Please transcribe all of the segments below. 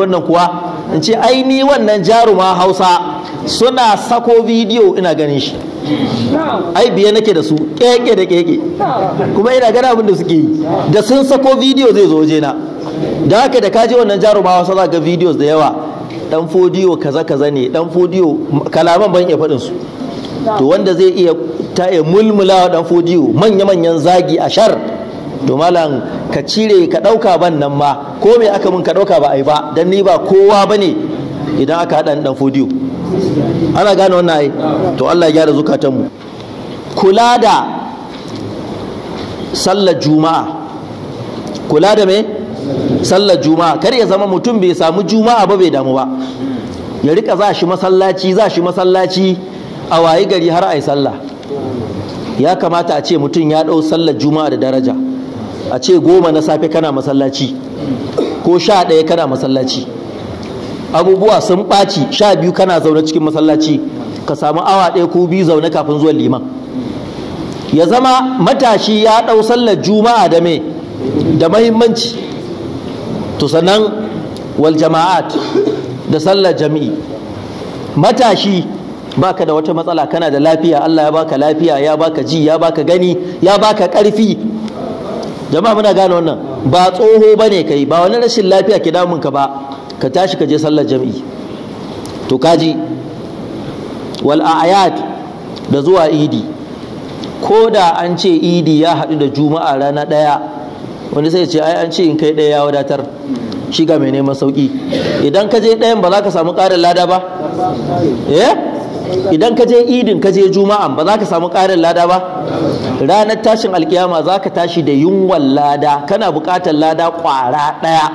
wannan kuwa in ce ai ni wannan jaruma hausa suna sako bidiyo ina ganin shi ai biye nake da su keke da keke kuma ina gana abin da suke yi da sun sako bidiyo zai zo waje na da haka da kaji wannan jaruma hausa za ga videos da yawa dan fodiyo kaza kaza ne dan fodiyo kalaman ban iya faɗin su to wanda zai iya ta iya mulmula dan fodiyo manya manyan zagi a shar to malam ka cire ka ɗauka ban nan ma ko me aka mun ka ɗauka ba a yi ba don ni ba kowa ba ne idan aka haɗa ɗan fodiyo ana gane wannan ai to Allah ya gyara zukatanmu kula da sallar juma'a kula da me sallar juma'a kar ya zama mutum bai samu juma'a ba bai damu ba ya rika za shi masallaci za shi masallaci a waye gari har a yi sallah ya kamata a ce mutum ya ɗau sallar juma'a da daraja a ce goma na safe kana masallaci ko sha ɗaya kana masallaci abubuwa sun ɓaci sha biyu kana zaune cikin masallaci ka samu awa ɗaya ko biyu zaune kafin zuwan liman ya zama matashi ya ɗau sallar juma'a da me da mahimmanci to sannan wal jama'at da sallar jami'i matashi baka da wata matsala kana da lafiya Allah ya baka lafiya ya baka ji ya baka gani ya baka ƙarfi jama'a muna gane wannan ba tsoho ba ne kai ba wani rashin lafiya ke ka ba ka tashi ka je sallar jam'i to kaji wal ayat da zuwa idi ko da an ce idi ya haɗu da juma'a rana ɗaya wani sai ce ai an ce in kai ɗaya ya wadatar shiga mai neman sauƙi idan ka je ɗayan ba za ka samu ƙarin lada ba eh idan ka je idin ka je juma'a ba za ka samu ƙarin lada ba ranar tashin alkiyama za ka tashi da yunwan lada kana buƙatar lada ƙwara ɗaya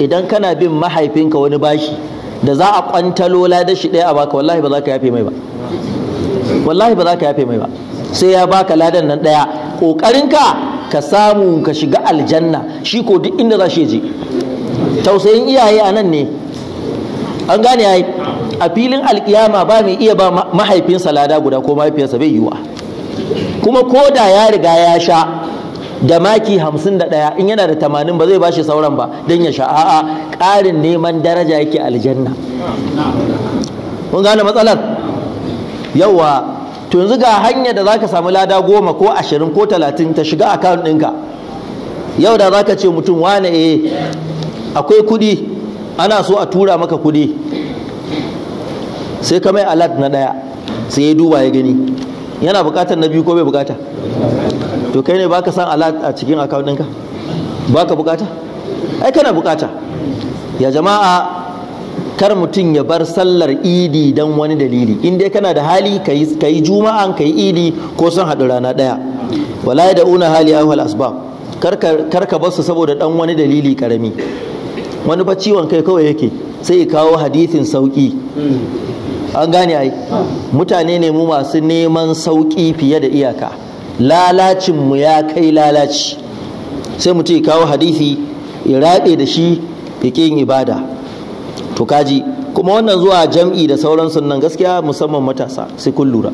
idan kana bin mahaifinka wani bashi da za a kwantalo ladar shi ɗaya a baka wallahi ba za ka yafe mai ba wallahi ba za ka yafe mai ba sai ya baka ladan nan ɗaya ƙoƙarinka ka samu ka shiga aljanna shi ko duk inda za shi je tausayin iyaye a nan ne an gane yayi a filin alkiyama ba mai iya ba mahaifinsa lada guda ko mahaifinsa bai yiwa kuma ko da ya riga ya sha da maki hamsin da ɗaya in yana da tamanin ba zai bashi sauran ba don ya sha a'a ƙarin neman daraja yake aljanna kun gane matsalar yawa to yanzu ga hanya da zaka samu lada goma ko ashirin ko talatin ta shiga akawun ɗinka yau da zaka ce mutum wane eh akwai kuɗi ana so a tura maka kuɗi sai ka mai alat na ɗaya sai ya duba ya gani yana buƙatar na biyu ko bai buƙata to kai ne baka san alat a cikin account ɗinka baka buƙata ai kana buƙata ya jama'a kar mutum ya bar sallar idi don wani dalili in dai kana da hali ka yi juma'an ka yi idi ko sun haɗu rana ɗaya wala da una hali ahwal asbab kar ka basu saboda ɗan wani dalili karami wani ba ciwon kai kawai yake sai ya kawo hadisin sauƙi an gane ai mutane ne mu masu neman sauƙi fiye da iyaka lalacin mu ya kai lalaci sai mutum ya kawo hadisi ya raɗe da shi ya yin ibada to kaji kuma wannan zuwa jam'i da sauran sunan gaskiya musamman matasa sai kun lura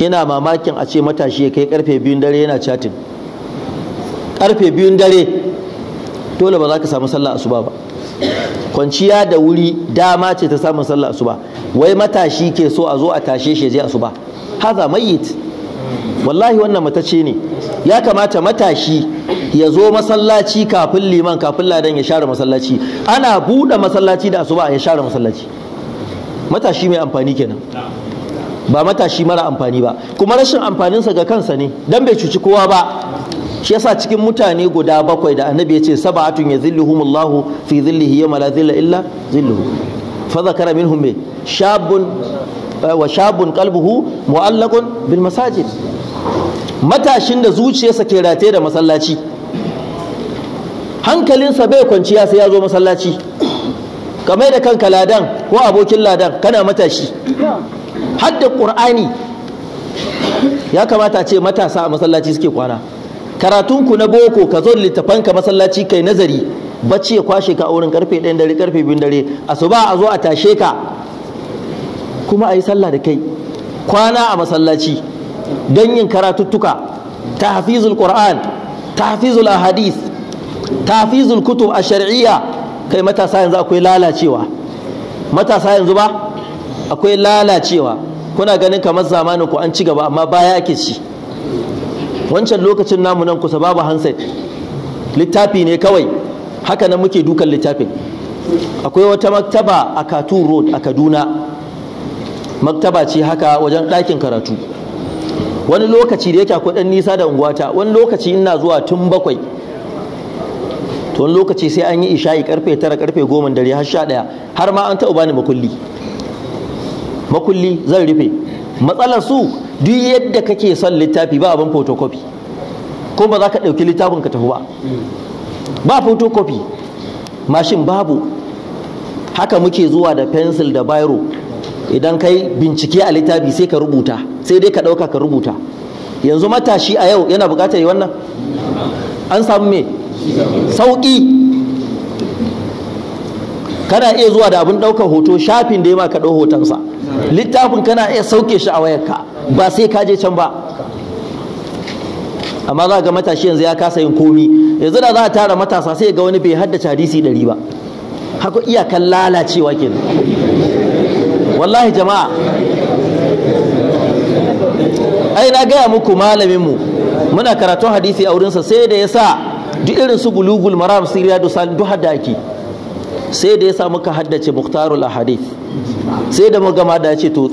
ina mamakin a ce matashi ya kai karfe biyun dare yana chatin karfe biyun dare dole ba za ka samu sallah asuba ba kwanciya da wuri dama ce ta samun sallar asuba wai matashi ke so a zo a tashe shi je asuba haza mayyit wallahi wannan matace ne ya kamata matashi ya zo masallaci kafin liman kafin ladan ya share masallaci ana buɗe masallaci da asuba ya share masallaci matashi mai amfani kenan ba matashi mara amfani ba kuma rashin amfaninsa ga kansa ne dan bai cuci kowa ba shi yasa cikin mutane guda bakwai da annabi ya ce sab'atun yadhilluhumullahu fi dhillihi yawma la dhilla illa dhilluhu fa zakara minhum shabun eh, wa shabun qalbuhu mu'allaqun bil masajid matashin da zuciyarsa ke rataye da masallaci hankalinsa bai kwanciya sai ya zo masallaci kamar da kanka ladan ko abokin ladan kana matashi hadda qur'ani ya kamata ce matasa a masallaci suke kwana karatunku na boko ka zo littafan ka masallaci kai nazari bacci ya kwashe ka a wurin karfe 1 dare karfe 2 dare asuba a zo a tashe ka kuma a yi sallah da kai kwana a masallaci don yin karatuttuka ta hafizul qur'an ta hafizul ahadis ta hafizul kutub a shari'iyya kai matasa yanzu akwai lalacewa matasa yanzu ba akwai lalacewa kuna ganin kamar zamanin ku an ci gaba amma baya ake ci wancan lokacin namu nan kusa babu handset littafi ne kawai haka nan muke dukan littafin akwai wata maktaba a katun road a kaduna maktaba ce haka wajen ɗakin karatu wani lokaci da yake akwai ɗan nisa da unguwata wani lokaci ina zuwa tun bakwai to wani lokaci sai an yi isha'i karfe tara karfe goma dare har sha ɗaya har ma an taɓa bani makulli makulli zan rufe matsalar su duk yadda kake son littafi ba abin photocopy ko ba za ka ɗauki littafin ka tafi ba ba photocopy mashin babu haka muke zuwa da pencil da biro idan kai bincike a littafi sai ka rubuta sai dai ka ɗauka ka rubuta yanzu matashi a yau yana buƙatar yi wannan an samu me sauƙi kana iya zuwa da abin ɗaukar hoto shafin da ya ma ka ɗau sa, littafin kana iya sauke shi a wayarka ba sai ka je can ba amma za ga matashi yanzu ya kasa yin komi yanzu da za a tara matasa sai ga wani bai haddace hadisi ɗari ba haka iyakan lalacewa ke. wallahi jama'a ai na gaya muku malaminmu muna karatun hadisi a wurin sa sai da ya sa duk irin su gulugul maram siriya duk hadda ake sai da ya sa muka haddace muktarul ahadith sai da magama da ya ce to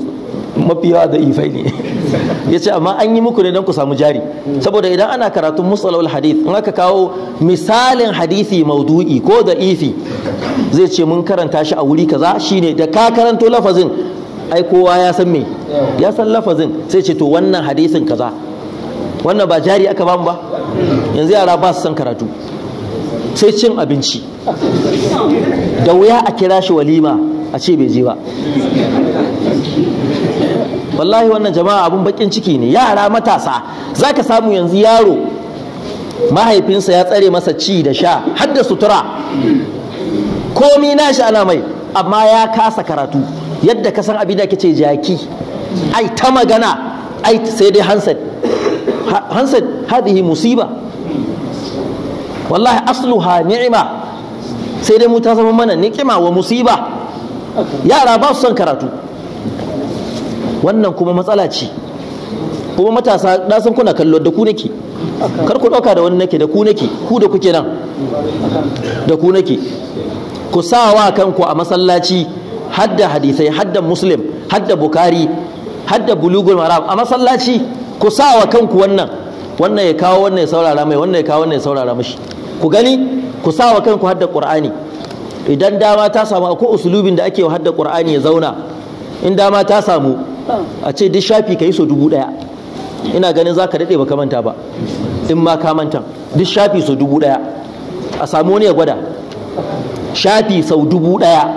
mafiya da ifai ne ya ce amma an yi muku ne don ku samu jari saboda idan ana karatun musalawul hadith in aka kawo misalin hadithi maudu'i ko da ifi zai ce mun karanta shi a wuri kaza shine da ka karanto lafazin ai kowa ya san me ya san lafazin sai ce to wannan hadithin kaza wannan ba jari aka bamu ba yanzu yara ba su san karatu sai cin abinci da wuya a kira shi walima a ce bai je ba wallahi wannan jama'a abun bakin ciki ne yara matasa za ka samu yanzu yaro mahaifinsa ya tsare masa ci da sha har da sutura komi nashi ana mai amma ya kasa karatu yadda ka san abin da ke ce jaki ai ta magana ai sai dai Hansad hansad hadihi musiba wallahi asluha ni'ima sai dai mu ta zama mana ni'ima wa musiba yara ba su son karatu wannan kuma matsala ce kuma matasa na san kuna kallo da ku nake kar ku dauka da wani nake da ku nake ku da kuke nan da ku nake ku sa wa kanku a masallaci hadda hadisai hadda muslim hadda bukari hadda bulugul maram a masallaci ku sa wa kanku wannan wannan ya kawo wannan ya saurara mai wannan ya kawo wannan ya saurara mashi ku gani ku sa wa kanku hadda qur'ani idan dama ta samu akwai usulubin da ake wa hadda qur'ani ya zauna in dama ta samu a ce duk shafi kai so dubu daya ina ganin za daɗe ba ka manta ba in ma ka manta duk shafi so dubu daya a samu wani ya gwada shafi sau dubu daya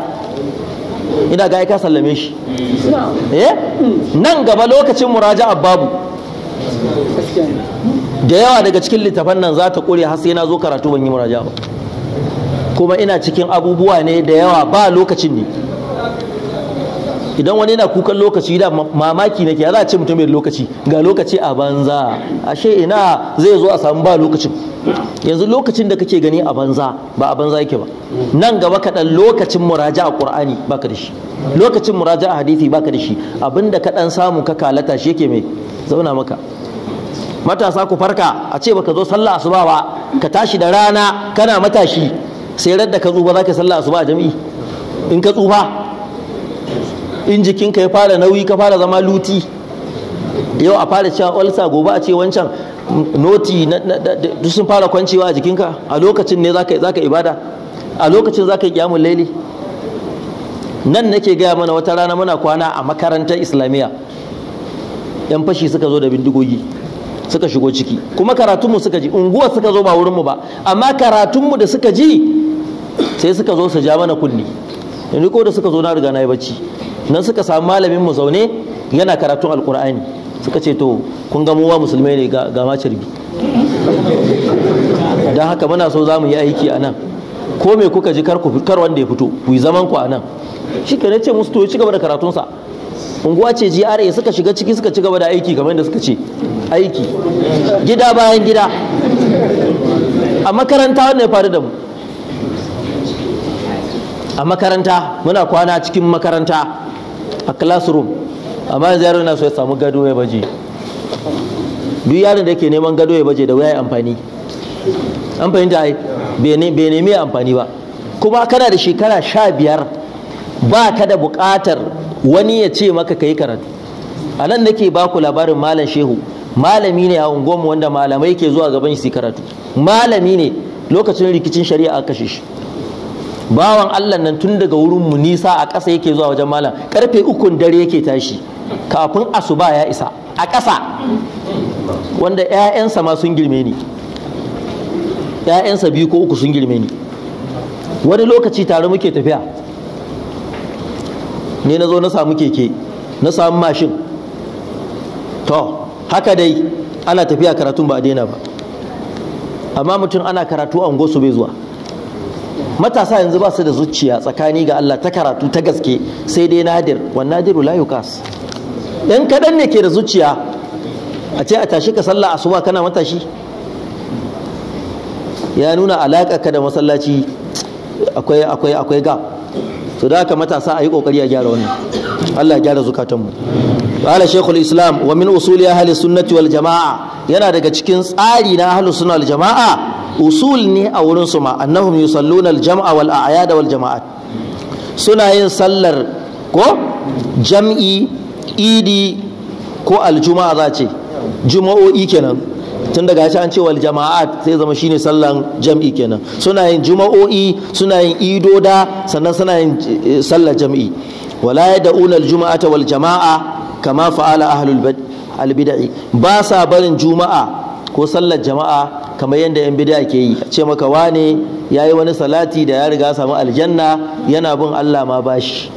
ina ga ka sallame shi eh nan gaba lokacin muraja'a babu da yawa daga cikin littafan nan za ta ƙure har sai na zo karatu ban yi muraja ba kuma ina cikin abubuwa ne da yawa ba lokacin ne idan wani yana kukan lokaci da mamaki nake ya za a ce mutum mai lokaci ga lokaci a banza ashe ina zai zo a samu ba lokacin yanzu lokacin da kake gani a banza ba a banza yake ba nan gaba kaɗan lokacin muraja a ƙur'ani baka da shi lokacin muraja a hadithi baka da shi abinda kaɗan samu ka kalata shi yake mai zauna maka matasa ku farka a ce baka zo sallah asuba ba ka tashi da rana kana matashi sai radda ka tsufa zaka sallah asuba a jami'i in ka tsufa in jikinka ya fara nauyi ka fara zama luti yau a fara cewa walsa gobe a ce wancan noti duk sun fara kwancewa a jikinka a lokacin ne za ka ibada a lokacin za ka yi kyamun laili nan nake gaya mana wata rana muna kwana a makarantar islamiyya yan fashi suka zo da bindigogi suka shigo ciki kuma karatunmu suka ji unguwar suka zo ba wurinmu ba amma karatunmu da suka ji sai suka zo su ja mana kulli yanzu ko da suka zo na riga na yi bacci nan suka samu malamin mu zaune yana karatun alkur'ani suka ce to kun ga muwa musulmai ne ga macirbi don haka muna so za mu yi aiki a nan ko me kuka ji kar wanda ya fito ku yi zaman ku a nan shi ke ce musu to ci gaba da karatunsa unguwa ce GRA suka shiga ciki suka ci gaba da aiki kamar da suka ce aiki gida bayan gida a makaranta wannan ya faru da mu a makaranta muna kwana cikin makaranta a classroom amma yanzu yaro na so ya samu gado ya baje duk yaron da yake neman gado ya baje da wuya amfani an fahimta ai bai nemi amfani ba kuma kana da shekara sha biyar ba ka da buƙatar wani ya ce maka ka yi karatu a nan nake ba ku labarin malam shehu malami ne a unguwarmu wanda malamai ke zuwa gaban shi karatu malami ne lokacin rikicin shari'a a kashe shi bawan Allah nan tun daga wurin mu nisa a ƙasa yake zuwa wajen malam karfe ukun dare yake tashi kafin asuba ya isa a ƙasa wanda 'ya'yansa ma sun girme ni 'ya'yansa biyu ko uku sun girme ni wani lokaci tare muke tafiya ne na zo na samu keke na samu mashin to haka dai ana tafiya karatun ba a daina ba amma mutum ana karatu a ungo su bai zuwa matasa yanzu ba su da zuciya tsakani ga Allah ta karatu ta gaske sai dai nadir wan nadiru la yukas dan kadan ne ke da zuciya a ce a tashi ka sallah asuba kana matashi ya nuna alaka ka da masallaci akwai akwai akwai gap to da haka matasa a yi kokari a gyara wannan Allah ya gyara zukatanmu qala shaykhul islam wa min usuli ahli sunnati wal jamaa yana daga cikin tsari na ahli sunna wal jamaa usul ne a wurin su ma annahum yusalluna al jamaa wal a'yad wal jamaat suna yin sallar ko jam'i idi ko aljuma'a za ce juma'o'i kenan tun daga shi an ce wal jama'at sai zama shine sallan jam'i kenan suna yin juma'o'i suna yin idoda sannan suna yin eh, sallar jam'i wala yadda unar juma'ata wal jama'a kama fa'ala ahlul bid'i ba sa barin juma'a ko sallar jama'a kamar yadda yan bid'a ke yi ce maka wane yayi wani salati da ya riga samu aljanna yana bin Allah ma bashi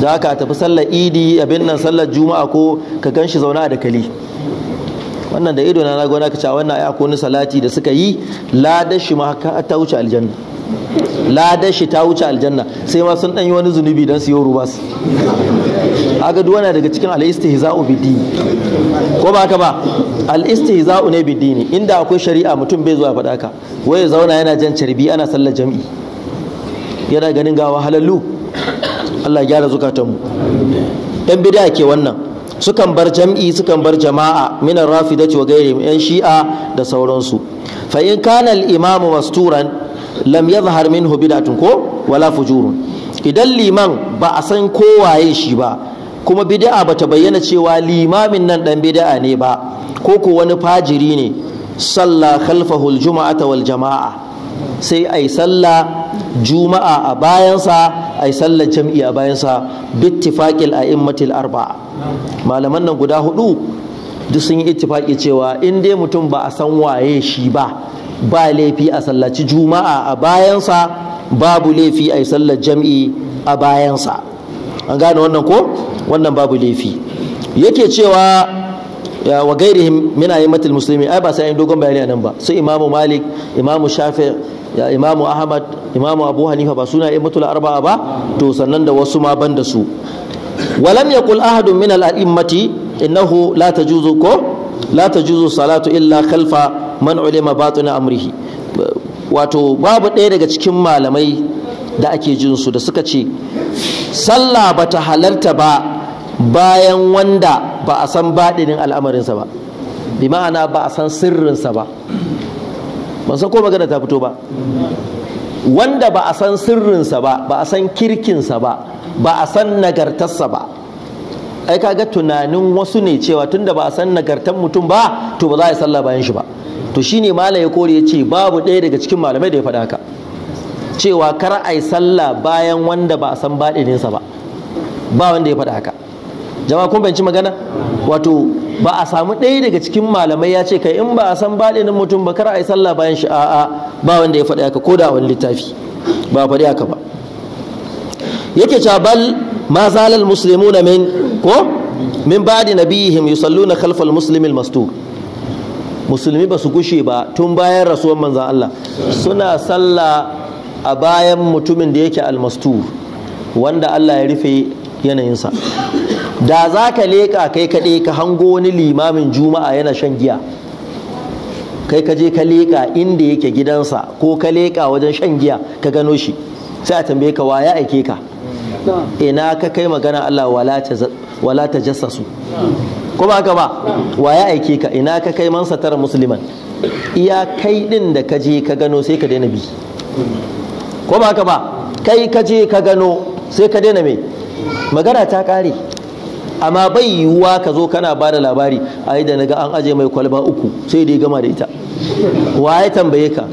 za ka tafi sallar idi abin nan sallar juma'a ko ka ganshi zauna a dakali wannan da ido na na gona kace wannan ai akwai salati da suka yi ladar shi ma ta wuce aljanna ladar ta wuce aljanna sai ma sun dan yi wani zunubi dan su yi rubas aga duwana daga cikin al-istihza'u din ko ba haka ba al-istihza'u ne din inda akwai shari'a mutum bai zuwa faɗa ka waye zauna yana jan carbi ana sallar jami'i yana ganin ga halallu? Allah ya gyara zukatanmu ɗan bid'a ke wannan sukan bar jam'i sukan bar jama'a minan rafidati wa gairihim yan shi'a da sauransu fa in kana al-imamu masturan lam yadhhar minhu bid'atun ko wala fujurun idan liman ba a san ko waye shi ba kuma bid'a ba ta bayyana cewa limamin nan dan bid'a ne ba ko ko wani fajiri ne salla khalfahu al-jum'ata wal jama'a sai a yi sallah juma'a a bayansa a yi sallar jam'i a bayansa bittifaƙil a immatil arba malaman nan guda hudu duk sun yi ittifaƙi cewa in dai mutum ba a san waye shi ba ba laifi a sallaci juma'a a bayansa babu laifi a yi jam'i a bayansa an gane wannan ko wannan babu laifi yake cewa ya wa mina yi matil musulmi ai ba sai yin dogon bayani nan ba su imamu malik imamu shafi ya imamu ahmad imamu abu hanifa ba suna ayyimatul arba'a ba to sannan da wasu ma ban da su walam kul ahadun min al a'immati innahu la tajuzu ko la tajuzu salatu illa khalfa man ulima batina amrihi wato babu ɗaya daga cikin malamai da ake jin da suka ce sallah bata halarta ba bayan wanda ba a san baɗinin al'amarinsa ba bi ma'ana ba a san sirrinsa ba ban san ko magana ta fito ba wanda ba a san sirrinsa ba ba a san kirkinsa ba ba a san nagartarsa ba ai kaga tunanin wasu ne cewa tunda ba a san nagartar mutum ba to ba za a yi sallah bayan shi ba to shine mala ya kore ya ce babu ɗaya daga cikin malamai da ya faɗa haka cewa kar a yi sallah bayan wanda ba a san baɗininsa ba ba wanda ya faɗa haka jama'a kun ci magana wato ba a samu ɗaya daga cikin malamai ya ce kai in ba a san na mutum ba kar a yi sallah bayan shi a'a ba wanda ya faɗi haka ko da wani littafi ba a faɗi haka ba yake cewa bal ma zalal muslimuna min ko min ba'di nabiyihim yusalluna khalfal muslimil mastur musulmi ba su gushe ba tun bayan rasuwar manzan Allah suna sallah a bayan mutumin da yake almastur wanda Allah ya rufe yanayinsa da za ka leƙa kai kaɗai ka hango wani limamin juma'a yana shan giya kai ka je ka leƙa inda yake gidansa ko ka leƙa wajen shan giya ka gano shi sai a tambaye ka wa ya aike ka ina ka kai magana Allah wala ta jassasu su? ba ka ba wa ya aike ka ina ka kai man satara musliman iya kai ɗin da ka je ka gano sai ka daina bi kuma ba ka ba kai ka je ka gano sai ka daina me magana ta ƙare. amma bai yiwuwa ka zo kana ba da labari a da naga an aje mai kwalba uku sai dai gama da ita wa ya tambaye ka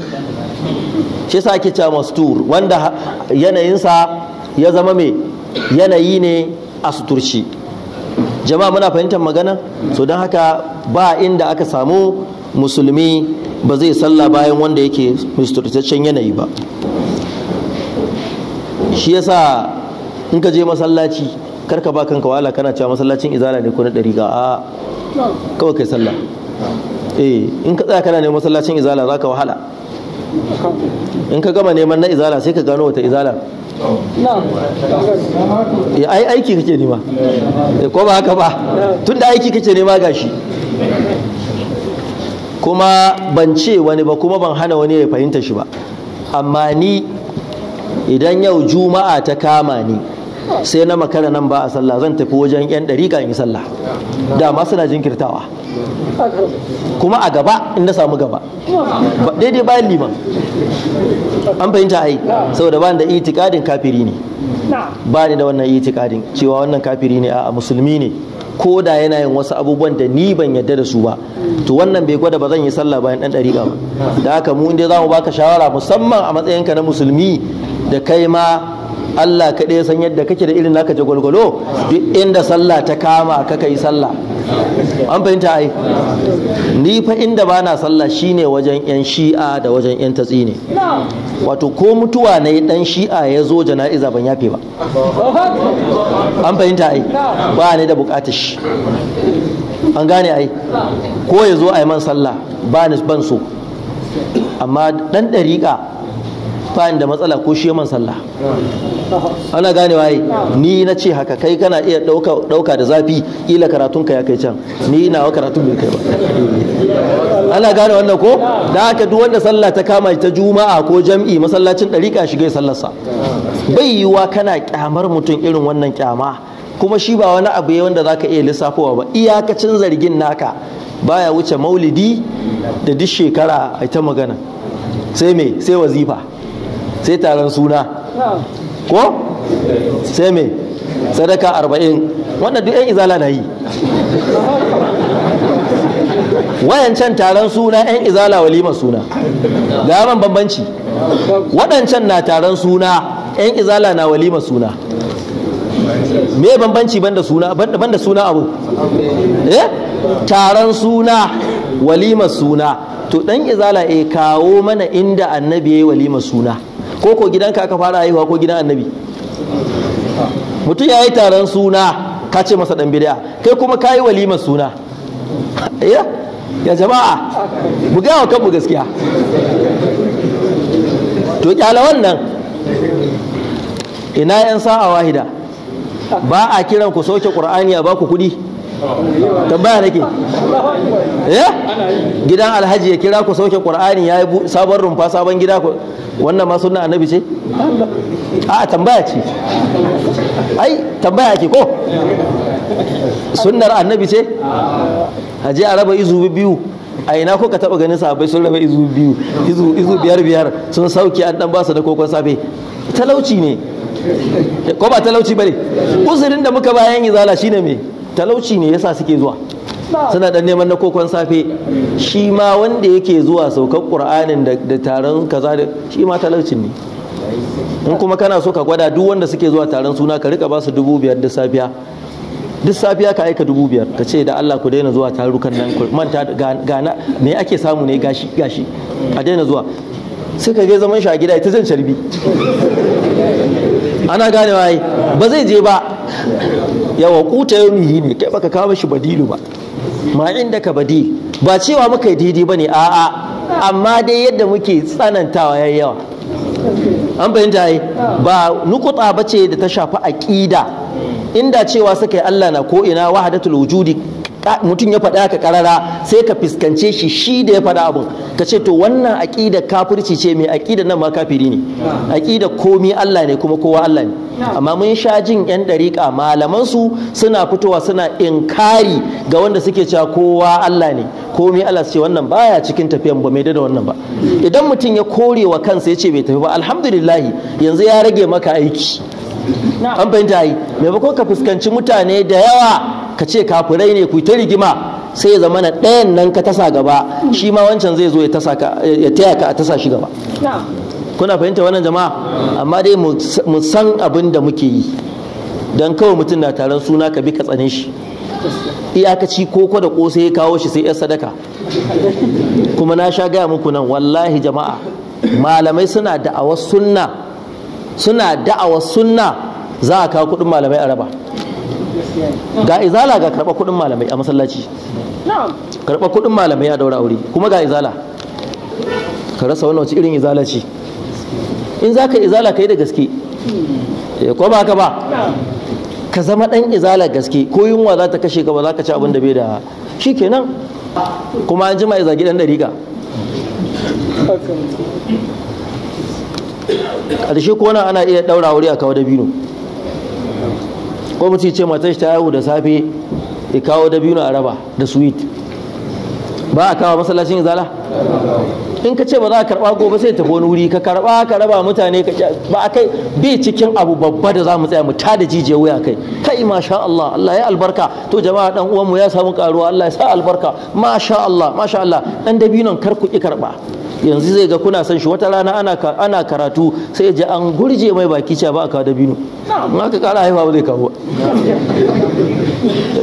shi sa ake cewa mastur wanda yanayinsa ya zama mai yanayi ne a suturci jama'a muna fahimtar magana so don haka ba inda aka samu musulmi ba zai sallah bayan wanda yake misturtaccen yanayi ba shi yasa in ka je masallaci karka ba kanka wahala kana cewa masallacin izala ne ko na ɗari ga a kawai kai sallah eh in ka tsaya kana neman masallacin izala za ka wahala in ka gama neman na izala sai ka gano wata izala ya eh, ai aiki kake nema eh, ko ba haka ba tun da aiki kake nema gashi kuma ban ce wani ba kuma ban hana wani ya fahimta shi ba amma ni idan yau juma'a ta kama ni sai na makara nan ba a sallah zan tafi wajen yan dariƙa in yi sallah dama suna jinkirtawa kuma a gaba in na samu gaba daidai bayan liman an fahimta ai saboda ba da itikadin kafiri ne ba ni da wannan itikadin cewa wannan kafiri ne a musulmi ne ko da yana yin wasu abubuwan da ni ban yadda da su ba to wannan bai gwada ba zan yi sallah bayan dan dariƙa ba da haka mu inda za mu baka shawara musamman a matsayinka na musulmi da kai ma Allah kaɗai san yadda kake da irin naka jagwalgwalo duk inda sallah ta kama kaka yi sallah an fahimta ai ni fa inda ba na sallah shine wajen yan shi'a da wajen yan tatsi ne wato ko mutuwa na yi dan shi'a ya zo jana'iza ban yafe ba an fahimta ai ba ne da bukatar shi an gane ai ko ya zo a yi man sallah ba ni ban so amma dan ɗariƙa ba da matsala ko shi man sallah ana gane waye ni na ce haka kai kana iya ɗauka da zafi ila karatun ka ya kai can ni ina wa karatun bai kai ba ana gane wannan ko da haka duk wanda sallah ta kama ta juma'a ko jam'i masallacin ɗariƙa shiga sallarsa bai yiwuwa kana kyamar mutum irin wannan kyama kuma shi ba wani abu ya wanda zaka iya lissafowa ba iyakacin zargin naka baya wuce maulidi da duk shekara a ita magana sai me sai wazifa sai taron suna ko sai me sadaka arba'in wannan duk 'yan izala na yi wayancan taron suna 'yan izala walimar suna gaban bambanci waɗancan na taron suna 'yan izala na walimar suna me bambanci banda suna banda suna abu eh taron suna walimar suna to dan izala e kawo mana inda annabi yayi walimar suna ko ko gidanka aka fara haihuwa ko gidan annabi mutum ya yi taron suna ka ce masa dan bid'a kai kuma ka yi walimar suna ya jama'a mu gaya wa kanmu gaskiya to kyala wannan ina yan sa'a wahida ba a kiran ku sauke qur'ani a baku kuɗi tambaya nake eh gidan alhaji ya kira ku sauke qur'ani ya yi sabon rumfa sabon gida ku wannan ma sunna annabi ce a tambaya ce ai tambaya ke ko sunnar annabi ce a a raba izu biyu a ina kuka taba ganin sahabbai sun raba izu biyu izu biyar biyar sun sauke an dan basu da kokon safe talauci ne ko ba talauci bane uzurin da muka bayan zala shine me talauci ne yasa suke zuwa suna dan neman na kokon safe shi ma wanda yake zuwa saukar qur'anin da taron kaza da shi ma talaucin ne in kuma kana so ka gwada duk wanda suke zuwa taron suna ka rika ba su dubu biyar da safiya duk safiya ka aika dubu biyar ka ce da Allah ku daina zuwa tarukan nan ku manta gana me ake samu ne gashi gashi a daina zuwa sai ka ga zaman shi a gida ita zan carbi ana ganewa ai ba zai je ba yawa kuta yaumihi ne kai baka kawo shi badilu ba ma inda ka badi ba cewa muka yi daidai ba ne a'a amma dai yadda muke tsanantawa yayi yawa an fahimta yi ba nukuta ba ce da ta shafi aƙida inda cewa suka yi allah na ko ina wahadatul wujudi mutum ya faɗa ka karara sai ka fuskance shi shi da ya faɗa abun ka ce to wannan aƙida kafirci ce mai aƙida nan ma kafiri ne aƙida komi Allah ne kuma kowa Allah ne amma mun sha jin yan ɗariƙa malaman su suna fitowa suna inkari ga wanda suke cewa kowa Allah ne komi Allah ce wannan baya cikin tafiyan ba mai da wannan ba idan mutum ya kore wa kansa ya ce bai tafi ba alhamdulillah yanzu ya rage maka aiki an fahimta yi maimakon ka fuskanci mutane da yawa ka ce kafurai ne ku ta rigima sai ya zama na ɗayan nan ka tasa gaba shi ma wancan zai zo ya taya ka a tasa shi gaba kuna fahimta wannan jama'a amma dai mu san abin da muke yi don kawai mutum na taron suna ka bi ka tsane shi iyakaci koko da kosai ya kawo shi sai yar sadaka kuma na sha gaya muku nan wallahi jama'a malamai suna da'awar sunna suna da'awa sunna za a kawo kuɗin malamai a raba ga izala ga karɓar kuɗin malamai a masallaci karɓa kuɗin malamai a daura aure kuma ga izala ka rasa wannan wace irin izala ce in za ka izala ka yi da gaske eh, ko ba ka ba ka zama ɗan izala gaske ko yunwa za ta kashe ka ba za ka ci abin da bai da shi kenan kuma an jima ya gidan ɗan ɗariƙa A da shi ko nan ana iya ɗaura wuri a kawo dabino ko ce matar ta yawo da safe ya kawo dabino a raba da sweet ba a kawo masallacin izala in ka ce ba za ka karba gobe sai tafi wani wuri ka karba ka raba mutane ka ba kai bi cikin abu babba da za mu tsaya mu tada da jijiya wuya kai kai masha Allah Allah ya albarka to jama'a dan uwan mu ya samu karuwa Allah ya sa albarka masha Allah masha Allah dan dabinon kar ku ki karba yanzu zai ga kuna san shi wata rana ana ana karatu sai ya ji an gurje mai baki cewa ba a da binu in aka kara haifa ba zai kawo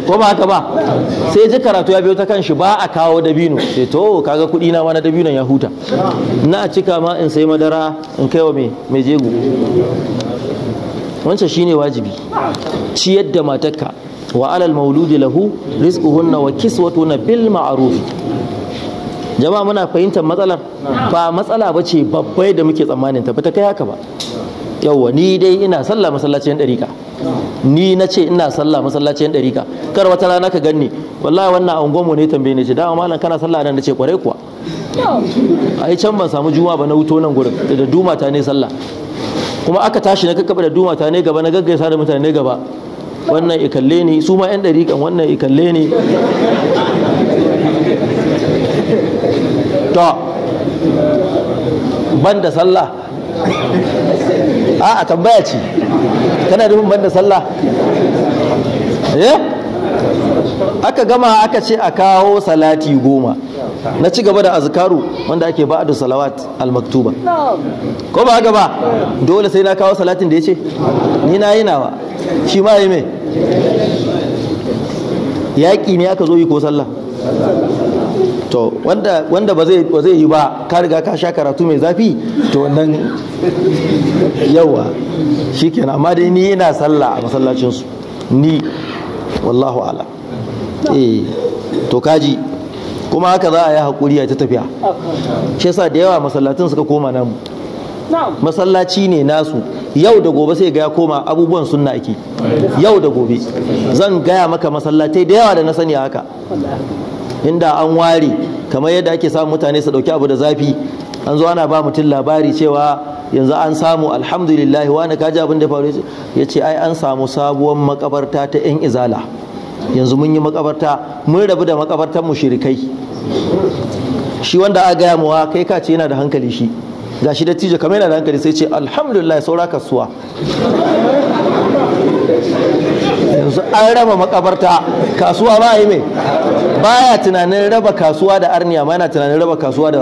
ko ba haka ba sai ya ji karatu ya biyo ta kan shi ba a kawo dabino. binu sai to kaga kuɗi na na ma na nan ya huta na cika ma in sai madara in kai wa mai jego wancan shine wajibi ciyar da matarka wa alal mauludi lahu rizquhunna wa na bil ma'ruf jama'a muna fahimtar matsalar ba matsala ba ce babbai da muke tsammanin ta ba ta kai haka ba yawwa ni dai ina sallah masallacin dariƙa ni na ce ina sallah masallacin ɗarika kar wata rana ka ganni wallahi wannan angonmu ne tambaye ne ce dama malam kana sallah nan nace kwarai kuwa ai can ban samu juma ba na wuto nan gurin da duma ta ne sallah kuma aka tashi na kakkaba da duma ta ne gaba na gaggaisa da mutane gaba wannan ikalle ne su ma yan ɗarikan wannan ikalle ne to ban da sallah a'a tambaya ce kana nufin banda sallah eh? aka gama aka ce a kawo salati goma na ci gaba da azkaru wanda ake ba da salawat al-maktuba ko ba gaba dole sai na kawo salatin da ya ce ni na yi nawa shi ma yi mai yaƙi ne aka zo yi ko sallah to wanda wanda ba zai yi ba ka riga ka sha karatu mai zafi to wannan yawa shikenan amma dai ni yana sallah a masallacin ni wallahu ala eh to kaji kuma haka za a yi hakuri a ta tafiya shi yasa da yawa masallatin suka koma nan, masallaci ne nasu yau da gobe sai ga koma abubuwan sunna ake yau da gobe zan gaya maka masallatai da yawa da na sani haka inda an ware kamar yadda ake samun mutane su dauki abu da zafi an zo ana ba mutum labari cewa yanzu an samu alhamdulillah wani kaji abin da faru ya ce ai an samu sabuwar makabarta ta yan izala yanzu mun yi makabarta mun rabu da makabartar shirikai. shi wanda a gaya muwa kai ka ce yana da hankali shi ga shi dattijo kamar yana da hankali sai ce alhamdulillah saura kasuwa yanzu an raba makabarta kasuwa ba yi mai baya tunanin raba kasuwa da arniya ma yana tunanin raba kasuwa da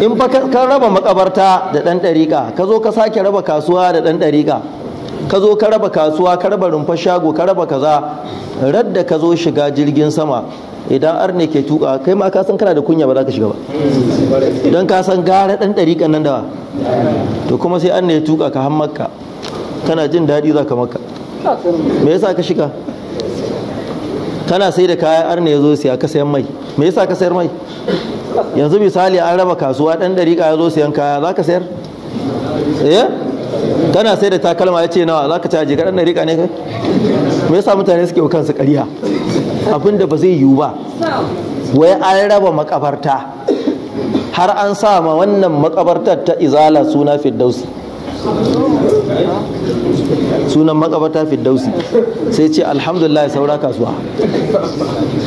in fa kan raba makabarta da ɗan ɗariƙa ka zo ka sake raba kasuwa da ɗan ɗariƙa ka zo ka raba kasuwa ka raba rumfa shago ka raba kaza radda ka zo shiga jirgin sama idan arne ke tuka kai ma ka san kana da kunya ba za ka shiga ba don ka san gara ɗan ɗariƙan nan da to kuma sai arne ya tuka ka hammaka kana jin daɗi za ka maka. me yasa ka shiga kana sai da kayan arna ya zo siya ka sayan mai me yasa ka sayar mai yanzu misali an raba kasuwa dan dariƙa ya zo siyan kaya za ka sayar eh kana sai da takalma ya ce nawa za ka caje ka dan dariƙa ne kai me yasa mutane suke wa kansu ƙarya abin da ba zai yiwu ba wai an raba makabarta har an sa ma wannan makabartar ta izala suna firdausi sunan makabata firdausi sai ce alhamdulillah saura kasuwa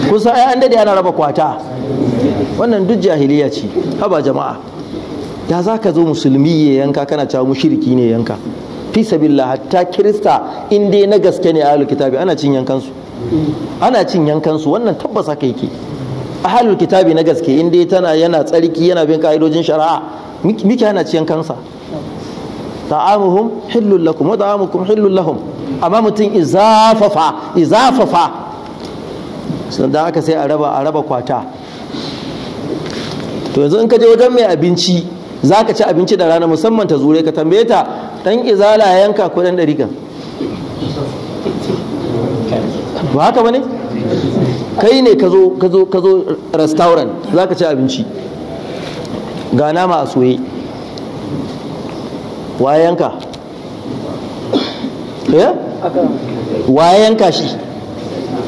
kusa ai an dade ana raba kwata wannan duk jahiliya ce haba jama'a da za ka zo musulmi ya yanka kana cewa mushriki ne yanka fi sabilillah hatta kirista in dai na gaske ne ahlul kitabi ana cin yankansu ana cin yankansu wannan tabbas haka yake ahlul kitabi na gaske in dai tana yana tsarki yana bin ka'idojin shari'a miki ana cin yankansa ta'amuhum hillul lakum wa ta'amukum hillul lahum amma mutum izafafa izafafa sannan aka sai a raba a raba kwata to yanzu in ka je wajen mai abinci za ka ci abinci da rana musamman ta zure ka tambaye ta dan izala ya yanka ko dan ɗari ba haka bane kai ne ka zo ka zo ka zo restaurant za ka ci abinci ga nama a soye wayanka ya wayanka eh? shi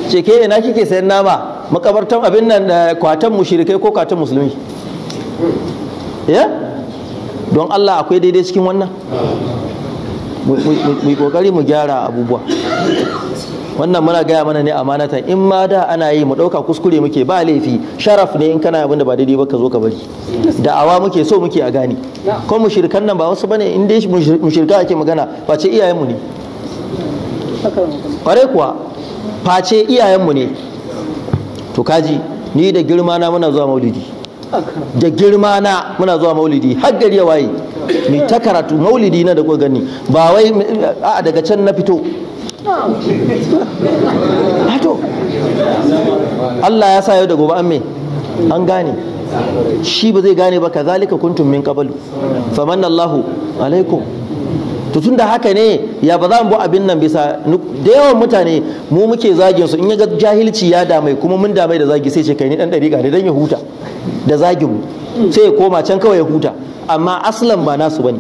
ce ke ina kike sayan nama makabartan abin nan da eh, kwatan mushrikai ko kwatan musulmi ya eh? don Allah akwai daidai cikin wannan mu kokari mu gyara abubuwa wannan muna gaya mana ne amanatan in ma da ana yi mu ɗauka kuskure muke ba laifi sharaf ne in kana abin da ba daidai ba ka zo ka bari da'awa muke so muke a gane ko shirkan nan ba wasu bane in dai shirka ake magana face iyayen mu ne kware kuwa face iyayen mu ne to kaji ni da girma na muna zuwa maulidi da girma na muna zuwa maulidi har gari ya waye mai ta karatu maulidi na da gani ba wai a daga can na fito hato ah, Allah ya sa yau da gobe an me an gane shi ba zai gane ba kazalika kuntum min qablu famanna Allahu alaikum to tun da haka ne ya ba za mu abin nan bisa da yawan mutane mu muke zagin su in ya ga jahilci ya damai kuma mun damai da zagi sai ce kai ni dan dariƙa ne dan ya huta da zagin mu sai ya koma can kawai ya huta amma aslan ba nasu bane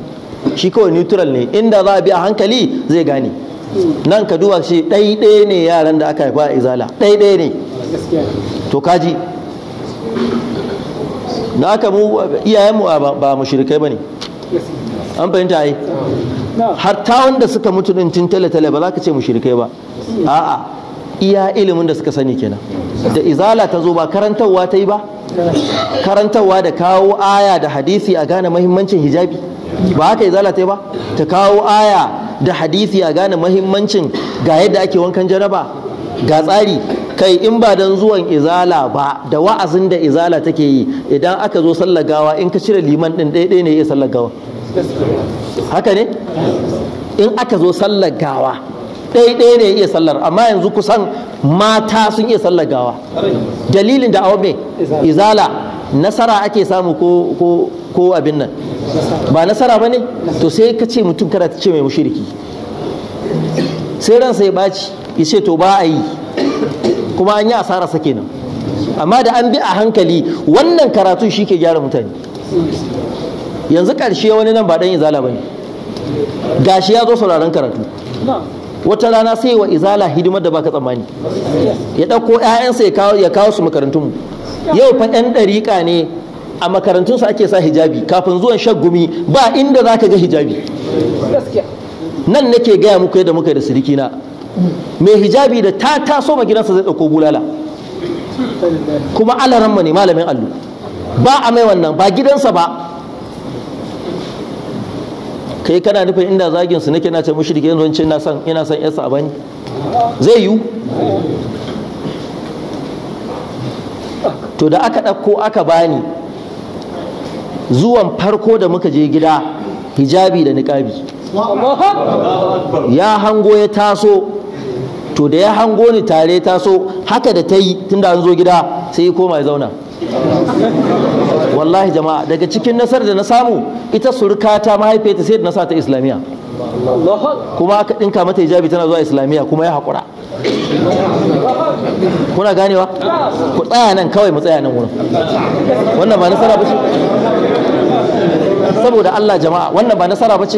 shi kawai neutral ne inda za a bi a hankali zai gane nan ka duba shi ɗaiɗaya ne yaran da aka haifa a izala ɗaiɗaya ne to kaji na aka mu iyayenmu ba mushrikai ba ne an fahimta ai har ta wanda suka mutu din tun tale-tale ba za ka ce mushrikai ba a'a iya ilimin da suka sani kenan da izala ta zo ba karantarwa ta yi ba karantarwa da kawo aya da hadisi a gane mahimmancin hijabi ba haka izala ta ba ta kawo aya da hadisi a gane mahimmancin ga yadda ake wankan jaraba ga tsari kai in ba dan zuwan izala ba da wa'azin da izala take yi idan aka zo sallar gawa in ka cire liman din ɗaya ne ya sallar gawa haka ne in aka zo sallar gawa ɗaya ne iya sallar amma yanzu kusan mata sun iya sallar gawa dalilin da awon izala nasara ake samu ko abin nan ba nasara ba ne to sai ka ce mutum ta ce mai mushiriki sai ransa ya ɓaci ya ce to ba a yi kuma an yi asara sake nan. amma da an bi a hankali wannan karatu shi ke gyara mutane yanzu ƙarshe wani nan ba ɗan izala ba ne gashi ya zo sauraron karatu wata rana sai wa izala hidimar da baka tsammani ya ɗauko 'ya'yansa ya kawo su makarantunmu yau fa 'yan ɗariƙa ne a makarantunsu ake sa hijabi kafin zuwan shaggumi ba inda za ka ga hijabi nan nake gaya muku yadda muka da sirikina mai hijabi da ta taso ma gidansa zai ɗauko bulala kuma alaranmu ne malamin allo ba a mai wannan ba gidansa ba kai kana nufin inda zagin su nake na ce mushrike yanzu ce ina son ina son yasa bani zai yiwu to da aka ɗauko aka bani zuwan farko da muka je gida hijabi da niƙabi ya hango ya taso to da ya hango ni tare taso haka da ta yi tunda an zo gida sai ya koma ya zauna wallahi jama'a daga cikin nasarar da na samu ita surukata ta sai da na sa ta islamiyya kuma aka ɗinka mata hijabi tana zuwa islamiyya kuma ya haƙura kuna ganewa ku tsaya nan kawai mu tsaya nan wurin wannan ba nasara ba ce saboda Allah jama'a wannan ba nasara ba ce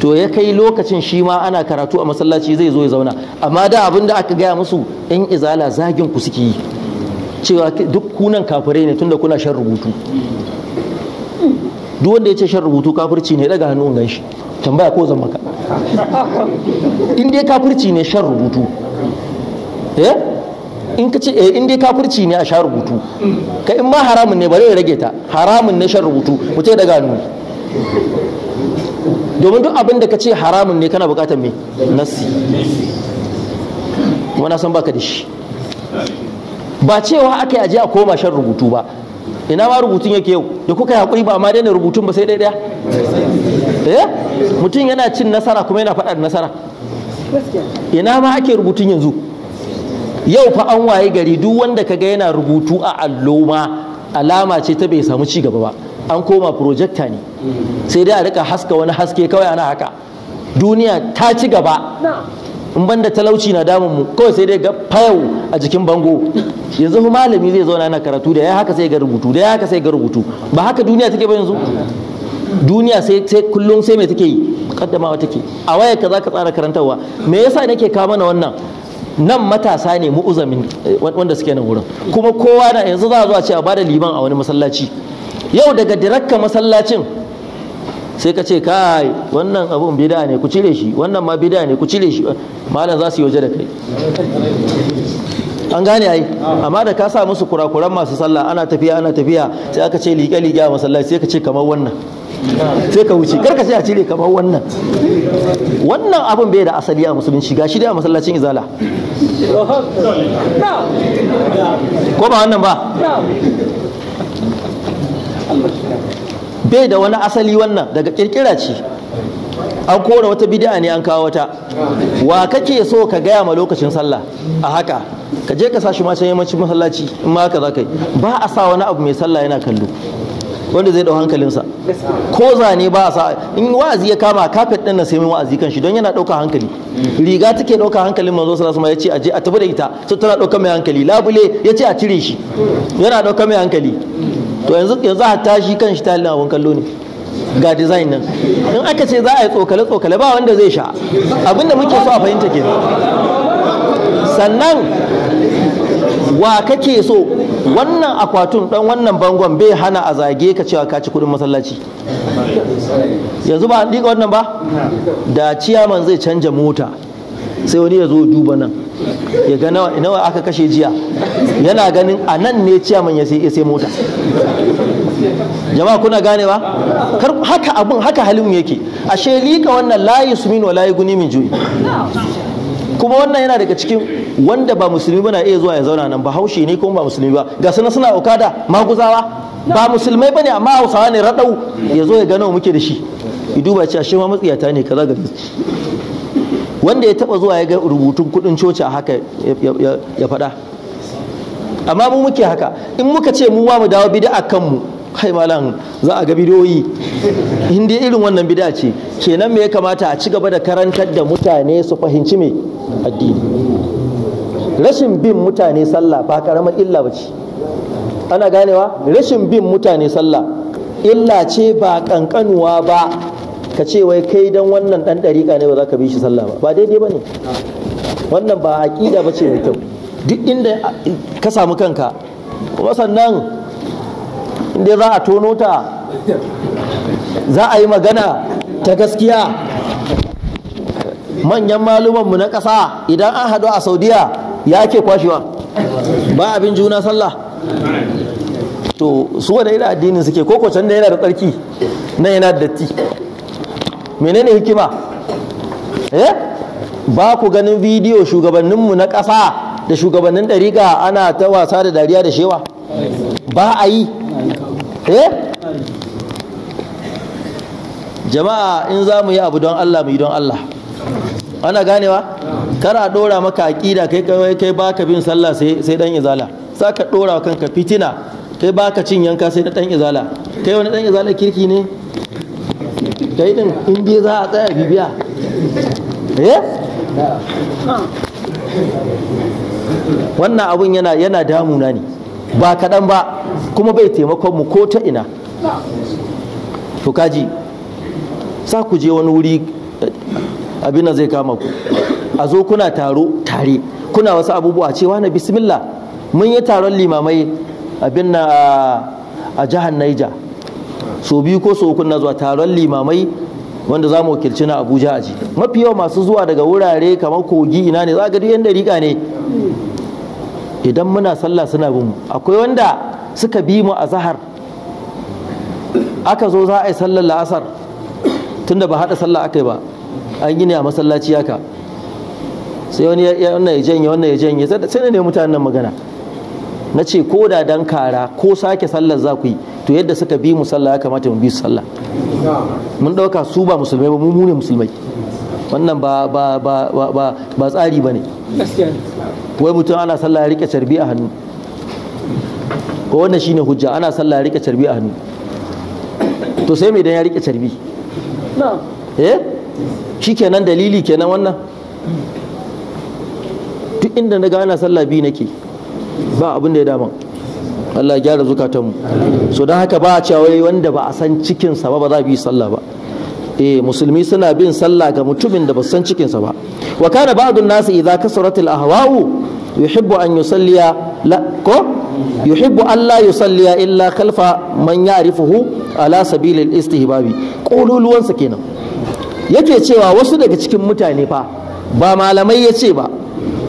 to ya kai lokacin shi ma ana karatu a masallaci zai zo ya zauna amma da abin da aka gaya musu yan izala zagin ku suke yi cewa duk kunan kafire ne tunda kuna shan rubutu duk wanda ya ce shan rubutu kafirci ne daga hannun ganshi tambaya ko zan maka in dai kafirci ne shan rubutu eh? in ka ce eh in dai kafirci ne a shan rubutu kai in ma haramun ne bare ya rage ta haramun ne shan rubutu mu ce daga hannu domin duk abin da ka ce haramun ne kana bukatar me nassi na san baka da shi ba cewa aka yaje a koma shan rubutu ba ina ma rubutun yake yau da kuka haƙuri ba ma daina rubutun ba sai ɗaya eh? mutum yana cin nasara kuma yana faɗa nasara ina ma ake rubutun yanzu yau fa an waye gari duk wanda ka ga yana rubutu a allo ma alama ce ta bai samu ci gaba ba an koma projecta ne sai dai a rika haska wani haske kawai ana haka duniya ta ci gaba in ban da talauci na damun mu kawai sai dai ga fayau a jikin bango yanzu fa malami zai zauna na karatu da ya haka sai ga rubutu da ya haka sai ga rubutu ba haka duniya take ba yanzu duniya sai kullum sai me take yi kaddamawa take a waya ka zaka tsara karantarwa me yasa nake ka mana wannan nan matasa ne mu'uzamin eh, wanda suke nan wurin kuma kowa na yanzu za a zo a ce a bada liman a wani masallaci yau daga dirakka masallacin sai ka ce kai wannan abun bida ne ku cire shi wannan ma bida ne ku cire shi malam za su yi waje da kai an gane ai amma da ka sa musu kurakuran masu sallah ana tafiya ana tafiya sai aka ce liƙe liƙe a masallaci sai ka ce kamar wannan sai ka wuce karka sai a cire kamar wannan wannan abun bai da asali a musulunci ga shi dai a masallacin izala ko ba wannan ba bai da wani asali wannan daga kirkira ce an kora wata bid'a ne an kawo wata wa kake so ka gaya ma lokacin sallah a haka ka je ka sa shi ma can yammacin masallaci in ma haka za ka yi ba a sa wani abu mai sallah yana kallo wanda zai dau hankalinsa ko zane ba sa in wa'azi ya kama kafet din na sai mai wa'azi kan shi don yana dauka hankali riga take dauka hankalin manzo sallallahu alaihi wasallam ya aje a tafi da ita sai tana dauka mai hankali labule ya ce a cire shi yana dauka mai hankali to yanzu yanzu hatta shi kan shi talin abun kallo ne ga design nan in aka ce za a yi tsokale tsokale ba wanda zai sha abinda muke so a fahimta kenan sannan wa kake so wannan akwatun dan wannan bangon bai hana a zage ka cewa ka ci kudin masallaci yanzu ba an dika wannan ba da ciyaman zai canja mota sai wani ya zo duba nan ya ga nawa aka kashe jiya yana ganin a nan ne ciyaman ya sai mota jama'a kuna gane ba haka abun haka halin yake ashe lika wannan layi sumin wa layi guni min juyi kuma wannan yana daga cikin wanda ba musulmi bana iya zuwa ya zauna nan ba haushi ne kuma ba musulmi ba ga suna suna okada maguzawa ba musulmai bane amma hausawa ne radau ya zo ya gano muke da shi ya duba cewa shi ma matsiyata ne kaza ga wanda ya taba zuwa ya ga rubutun kudin coci a haka ya faɗa amma mu muke haka in muka ce mu ma mu dawo bid'a kanmu kai malam za a ga bidiyoyi in irin wannan bid'a ce kenan me ya kamata a ci gaba da karantar da mutane su fahimci me addini rashin bin mutane sallah ba karamar illa ba ce ana ganewa rashin bin mutane sallah illa ce ba kankanuwa ba ka ce wai kai dan wannan dan dariƙa ne ba za ka bi shi sallah ba ba daidai ba ne wannan ba aƙida ba ce mai kyau duk inda ka samu kanka kuma sannan inda za a tono ta za a yi magana ta gaskiya manyan malumanmu na ƙasa idan an hadu a saudiya ya ke kwashewa ba abin juna sallah to su wani irin addinin suke ko can da yana da tsarki na yana da datti menene hikima eh ba ku ganin bidiyo shugabanninmu na ƙasa da shugabannin ɗariƙa ana ta wasa da dariya da shewa ba a yi eh jama'a in za mu yi abu don Allah mu yi don Allah ana ganewa Kana a dora maka aƙida kai kai kai baka bin sallah sai sai dan izala ka dora kanka fitina kai baka cin yanka sai dan izala kai wani dan izala kirki ne kai din in dai za a tsaya bibiya eh wannan abun yana yana damuna ne ba kaɗan ba kuma bai taimakon mu ko ta ina to kaji sa ku je wani wuri abin zai kama ku a zo kuna taro tare kuna wasu abubuwa cewa na bismillah mun yi taron limamai abin na a jihar Naija. so biyu ko so kuna zuwa taron limamai wanda za mu wakilci na abuja aji mafi yawa masu zuwa daga wurare kamar kogi ina ne za ga duk yan dariƙa ne idan muna sallah suna bin akwai wanda suka bi mu a zahar aka zo za a yi sallar la'asar tunda ba haɗa sallah aka yi ba an yi ne a masallaci haka sai wani wannan ya janye wannan ya janye sai na ne mutanen magana na ce ko da dan kara ko sake sallar za ku yi to yadda suka bi mu sallah ya kamata mu bi su sallah mun ɗauka su ba musulmai ba mu ne musulmai wannan ba ba ba ba ba tsari wai mutum ana sallah ya rike carbi a hannu wannan shine hujja ana sallah ya rike carbi a hannu to sai mai idan ya rike carbi eh shikenan dalili kenan wannan duk inda na ana sallah biyu nake ba abin da ya dama Allah ya gyara zukatanmu so don haka ba a cewa wanda ba a san cikinsa ba ba za a bi sallah ba eh musulmi suna bin sallah ga mutumin da ba san cikinsa ba wa kana ba'dun nasi idza kasaratil ahwa'u yuhibbu an yusalliya la ko yuhibbu Allah yusalliya illa kalfa man ya'rifuhu ala sabilil istihbabi kululuwansa kenan yake cewa wasu daga cikin mutane fa ba malamai yace ba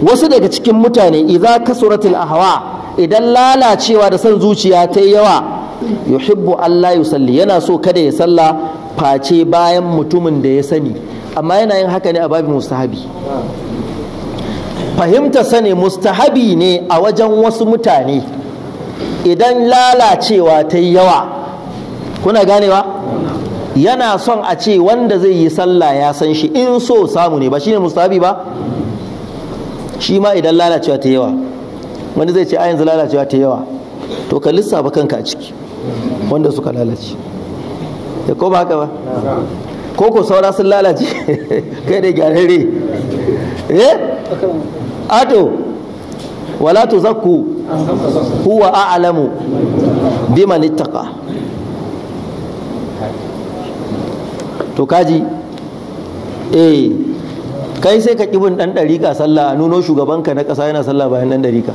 wasu daga cikin mutane idza kasuratil ahwa idan lalacewa da son zuciya ta yawa yuhibbu Allah yusalli yana so kada ya salla face bayan mutumin da ya sani amma yana yin haka ne a babin mustahabi Fahimta sani mustahabi ne a wajen wasu mutane idan lalacewa ta yi yawa kuna ganewa yana son a ce wanda zai yi sallah ya san shi in so samu ne ba shine mustahabi ba shi ma idan lalacewa ta yawa wani zai ce a yanzu lalacewa ta yawa to ka lissafa kanka a ciki wanda suka lalace ya ko ba haka ba ko ko saura sun lalace kai da gyararre eh ato wala tuzakku huwa a'lamu biman ittaqa to kaji eh kai sai ka kibin dan dariƙa sallah nuno shugabanka na ƙasa yana sallah bayan dan dariƙa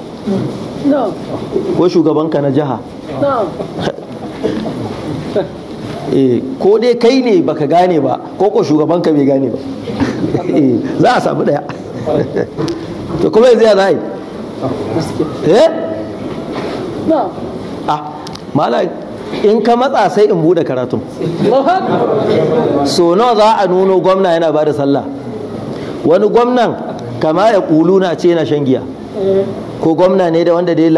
ko shugabanka na jiha eh, ko dai kai ne baka gane ba ko ko shugabanka bai gane ba eh, za a samu daya to kuma yanzu ya yi eh ah in ka matsa sai in bude karatun so nawa za a nuno gwamna yana ba da sallah wani gwamnan kama ya kulu na ce na shan giya eh. ko gwamna ne da wanda dai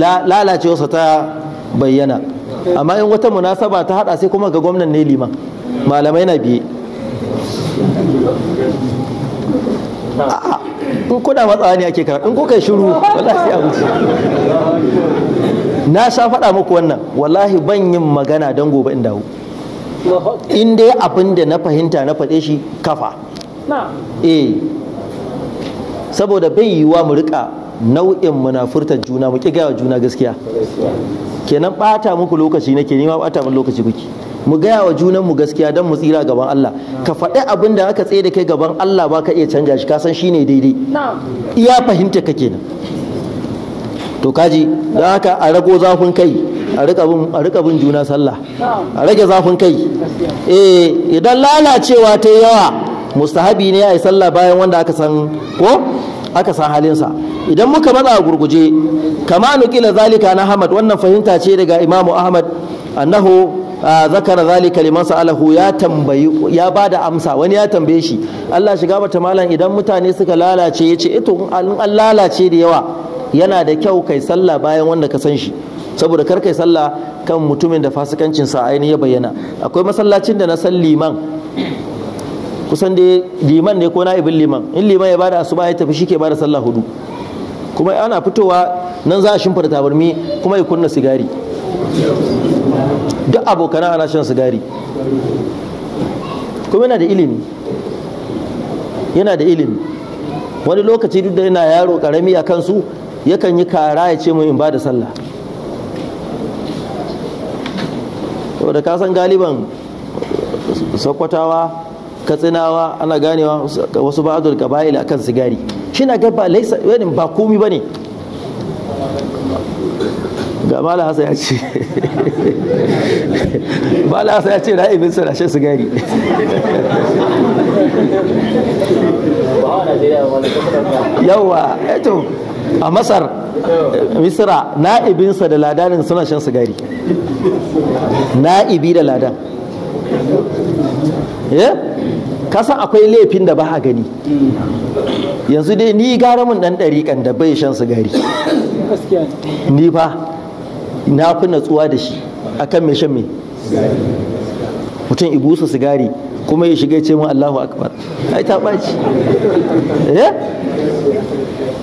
lalacewarsa ta bayyana amma in wata munasaba ta hada sai kuma ga gwamnan ne liman malamai na biye a'a in kuna matsawa ne ake karatu in kuka yi shiru wallahi a wuce na sha faɗa muku wannan wallahi ban yin magana don gobe in dawo in dai abin da na fahimta na faɗe shi kafa eh saboda bai yiwuwa mu rika nau'in munafurtar juna mu ƙi gaya juna gaskiya kenan ɓata muku lokaci nake nima ɓata min lokaci kuke mu gaya wa junan mu gaskiya don mu tsira gaban Allah ka faɗi abin da aka tsaye da kai gaban Allah ba ka iya canja shi kasan shi ne daidai iya fahimta ka kenan to kaji da haka a rago zafin kai a rika bin juna sallah a rage zafin kai eh idan lalacewa ta yawa mustahabi ne a yi sallah bayan wanda aka san ko aka san halinsa idan muka matsa a gurguje kama nukila zalika na Ahmad wannan fahimta ce daga Imamu Ahmad annahu Ah, zakara zalika liman sa'alahu ya tambayi ya bada amsa wani ya tambaye shi Allah shiga bata malam idan mutane suka lalace yace ito eh an lalace da yawa yana da kyau kai sallah bayan wanda ka san shi saboda kar kai sallah kan mutumin da fasikancin sa ainihin ya bayyana akwai masallacin da na san liman kusan dai liman ne ko ibin liman in liman ya bada asuba ya tafi shike bada sallah hudu kuma ana fitowa nan za a shimfida tabarmi kuma ya kunna sigari duk abokana ana shan sigari kuma yana da ilimi yana da ilimi wani lokaci duk da yana yaro karami a kansu yakan yi kara ya ce mu in ba da sallah saboda ka san galiban sakwatawa katsinawa ana ganewa wasu ba'adul qaba'il akan sigari shi na gaba laisa wani ba komi bane ga mala hasa ya ce ba la sai ce ra'ibin sa rashin sigari yawa eto eh a masar misra na'ibinsa da ladanin suna shan sigari na'ibi da ladan eh? kasan akwai laifin da ba a gani yanzu dai ni gara mun dan ɗariƙan da bai shan sigari ni fa na kunna tsuwa da shi akan mai shan me mutum igusa sigari kuma ya shiga ce mun Allahu akbar ai ta baci eh?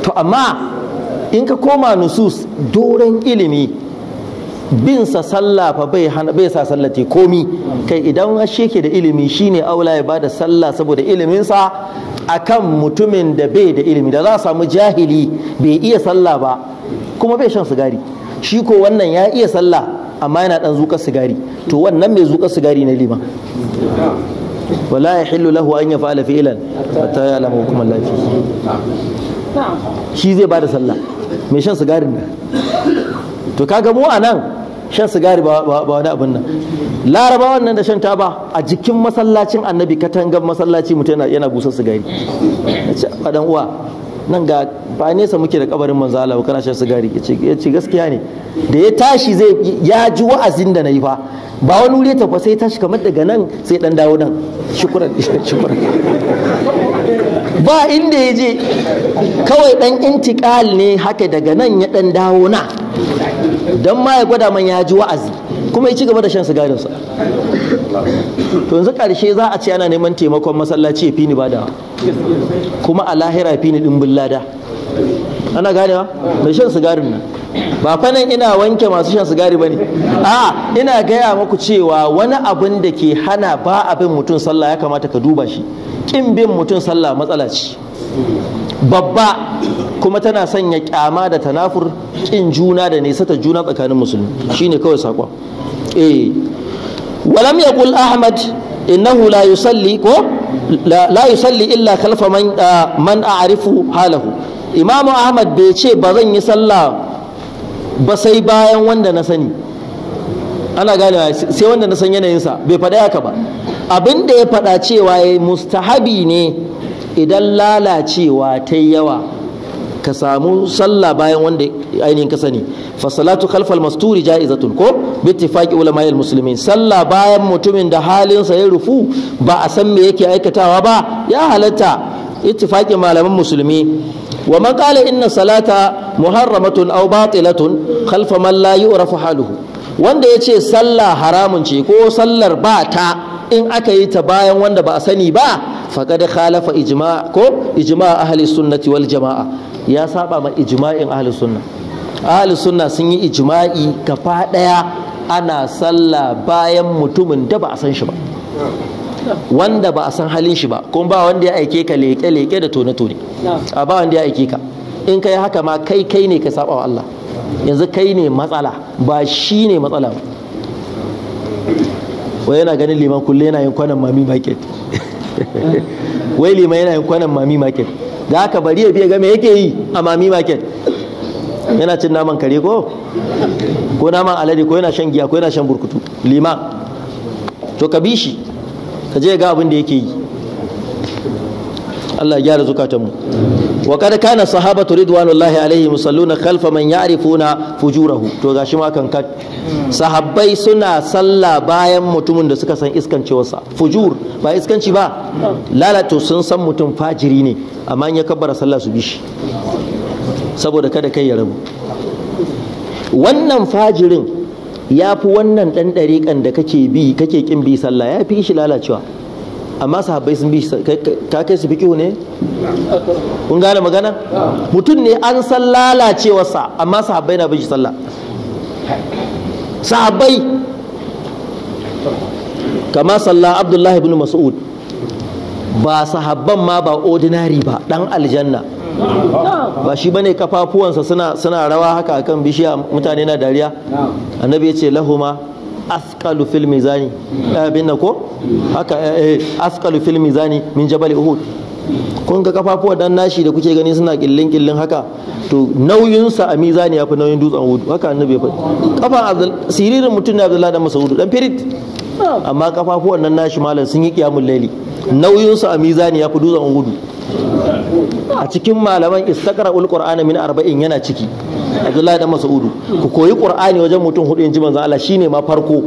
to amma in ka koma nusus doron ilimi bin sa sallah bai bai sa sallati komi kai idan ashe ke da ilimi shine aula ya bada sallah saboda iliminsa sa akan mutumin da bai da ilimi da za a samu jahili bai iya sallah ba kuma bai shan sigari shi ko wannan ya iya sallah amma yana dan zuƙar sigari to wannan mai zuƙar sigari ne liman wala ya hillu lahu an ya fa'ala fi'lan hatta ya alama hukum Allah fi shi zai bada sallah mai shan sigarin da to kaga mu anan shan sigari ba wani abin nan Laraba, wannan da shan taba a jikin masallacin annabi katangan masallaci mutum yana busar sigari a dan uwa nan ga ba nesa muke da kabarin manzo Allah kana shan sigari ya ce gaskiya ne da ya tashi zai ya ji wa'azin da nayi fa ba wani wuri ta fa sai tashi kamar daga nan sai dan dawo nan shukran shukran ba inda ya je kawai dan intikal ne haka daga nan ya dan dawo na dan ma ya gwada man ya ji wa'azi kuma ya ci gaba da shan sigarinsa to yanzu karshe za a ce ana neman taimakon masallaci ya fini bada kuma a lahira fini ɗimbin lada ana ganewa da shan sigarin nan ba fanan ina wanke masu shan sigari bane a ina gaya muku cewa wani abin da ke hana ba abin mutum sallah ya kamata ka duba shi Ƙin bin mutum sallah matsala ce babba kuma tana sanya kyama da tanafur kin juna da nesa ta juna tsakanin musulmi shine kawai sakon eh walam yaqul ahmad innahu la yusalli ko la yusalli illa khalfa man ah, man a'rifu halahu imamu ahmad bai ce ba zan yi sallah ba sai bayan wanda na sani ana gane sai wanda na san yanayinsa bai faɗa haka ba abin da ya faɗa cewa ya eh, mustahabi ne idan lalacewa ta yawa ka samu sallah bayan wanda ainihin ka sani fa salatu khalfal masturi jaizatun ko bi ittifaqi ulama'il muslimin sallah bayan mutumin da halinsa ya rufu ba a san me yake aikatawa ba ya halatta ittifaqi malaman musulmi wa man qala inna salata muharramatun aw batilatun khalfa man la yu'rafu haluhu wanda yace sallah haramun ce ko sallar ba ta in aka yi ta bayan wanda ba a sani ba faqad khalafa ijma ko ijma ahli sunnati wal jamaa ya saba ma ijma'in ahli sunna ahli sunna sun yi ijma'i gaba daya ana sallah bayan mutumin da ba a san shi ba wanda ba a san halin shi ba kuma ba wanda ya aike ka leke leke da tone tone a ba wanda ya aike ka in kai haka ma kai kai ne ka saba wa Allah yanzu kai ne matsala ba shi ne matsala ba wai yana ganin liman kulle yana yin kwanan mami market wai liman yana yin kwanan mami market da aka bari ya biya ga me yake yi a mami market yana cin naman kare ko ko naman alade ko yana shan giya ko yana shan burkutu liman to ka bi shi ka je ga abin da yake yi Allah ya gyara zukatanmu wa kad kana sahabatu ridwanullahi alaihi musalluna khalfa man ya'rifuna fujurahu to gashi ma kan sahabbai suna sallah bayan mutumin da suka san iskancewarsa fujur ba iskanci ba lalato sun san mutum fajiri ne amma in ya kabbara sallah su bishi saboda kada kai ya rabu wannan fajirin ya fi wannan ɗan ɗariƙan da kake bi kake ƙin bi sallah ya fi shi lalacewa amma sahabbai sun bi ka kai su fiqihu ne kun gane magana mutum ne an san lalacewarsa amma sahabbai na bin shi sallah sahabbai kama sallah abdullahi ibn mas'ud ba sahabban ma ba odinari ba dan aljanna ba shi bane kafafuwansa suna suna rawa haka akan bishiya mutane na dariya annabi ya ce lahuma asqalu fil mizani abin ko haka asqalu fil mizani min jabal uhud kun ga kafafuwa dan nashi da kuke gani suna killin killin haka to nauyinsa a mizani ya fi nauyin dutsen uhud haka annabi ya faɗi kafan siririn mutum ne abdullahi dan masaudu dan firit amma kafafuwan nan nashi malam sun yi kiyamun laili nauyin su a mizani ya fi dutsen gudu a cikin malaman istakara ul qur'ana min arba'in yana ciki abdullahi dan mas'udu ku koyi qur'ani wajen mutum hudu in ji manzon Allah shine ma farko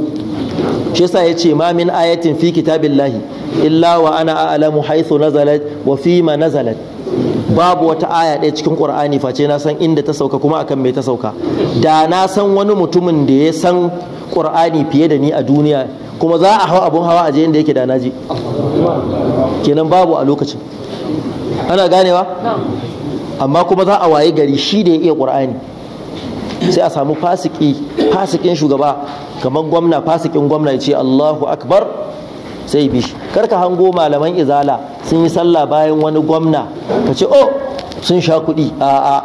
shi yasa yace ma min ayatin fi kitabillahi illa wa ana a'lamu haythu nazalat wa fi ma nazalat babu wata aya ɗaya cikin qur'ani face na san inda ta sauka kuma akan mai ta sauka da na san wani mutumin da ya san qur'ani fiye da ni a duniya kuma za a hau abun hawa a je inda yake da naji kenan babu a lokacin ana ganewa amma kuma za a waye gari shi da ya iya ƙur'ani sai a samu fasiki fasikin shugaba kamar gwamna fasikin gwamna ya ce Allahu akbar sai bi karka hango malaman izala sun yi sallah bayan wani gwamna ka ce oh sun sha kuɗi a a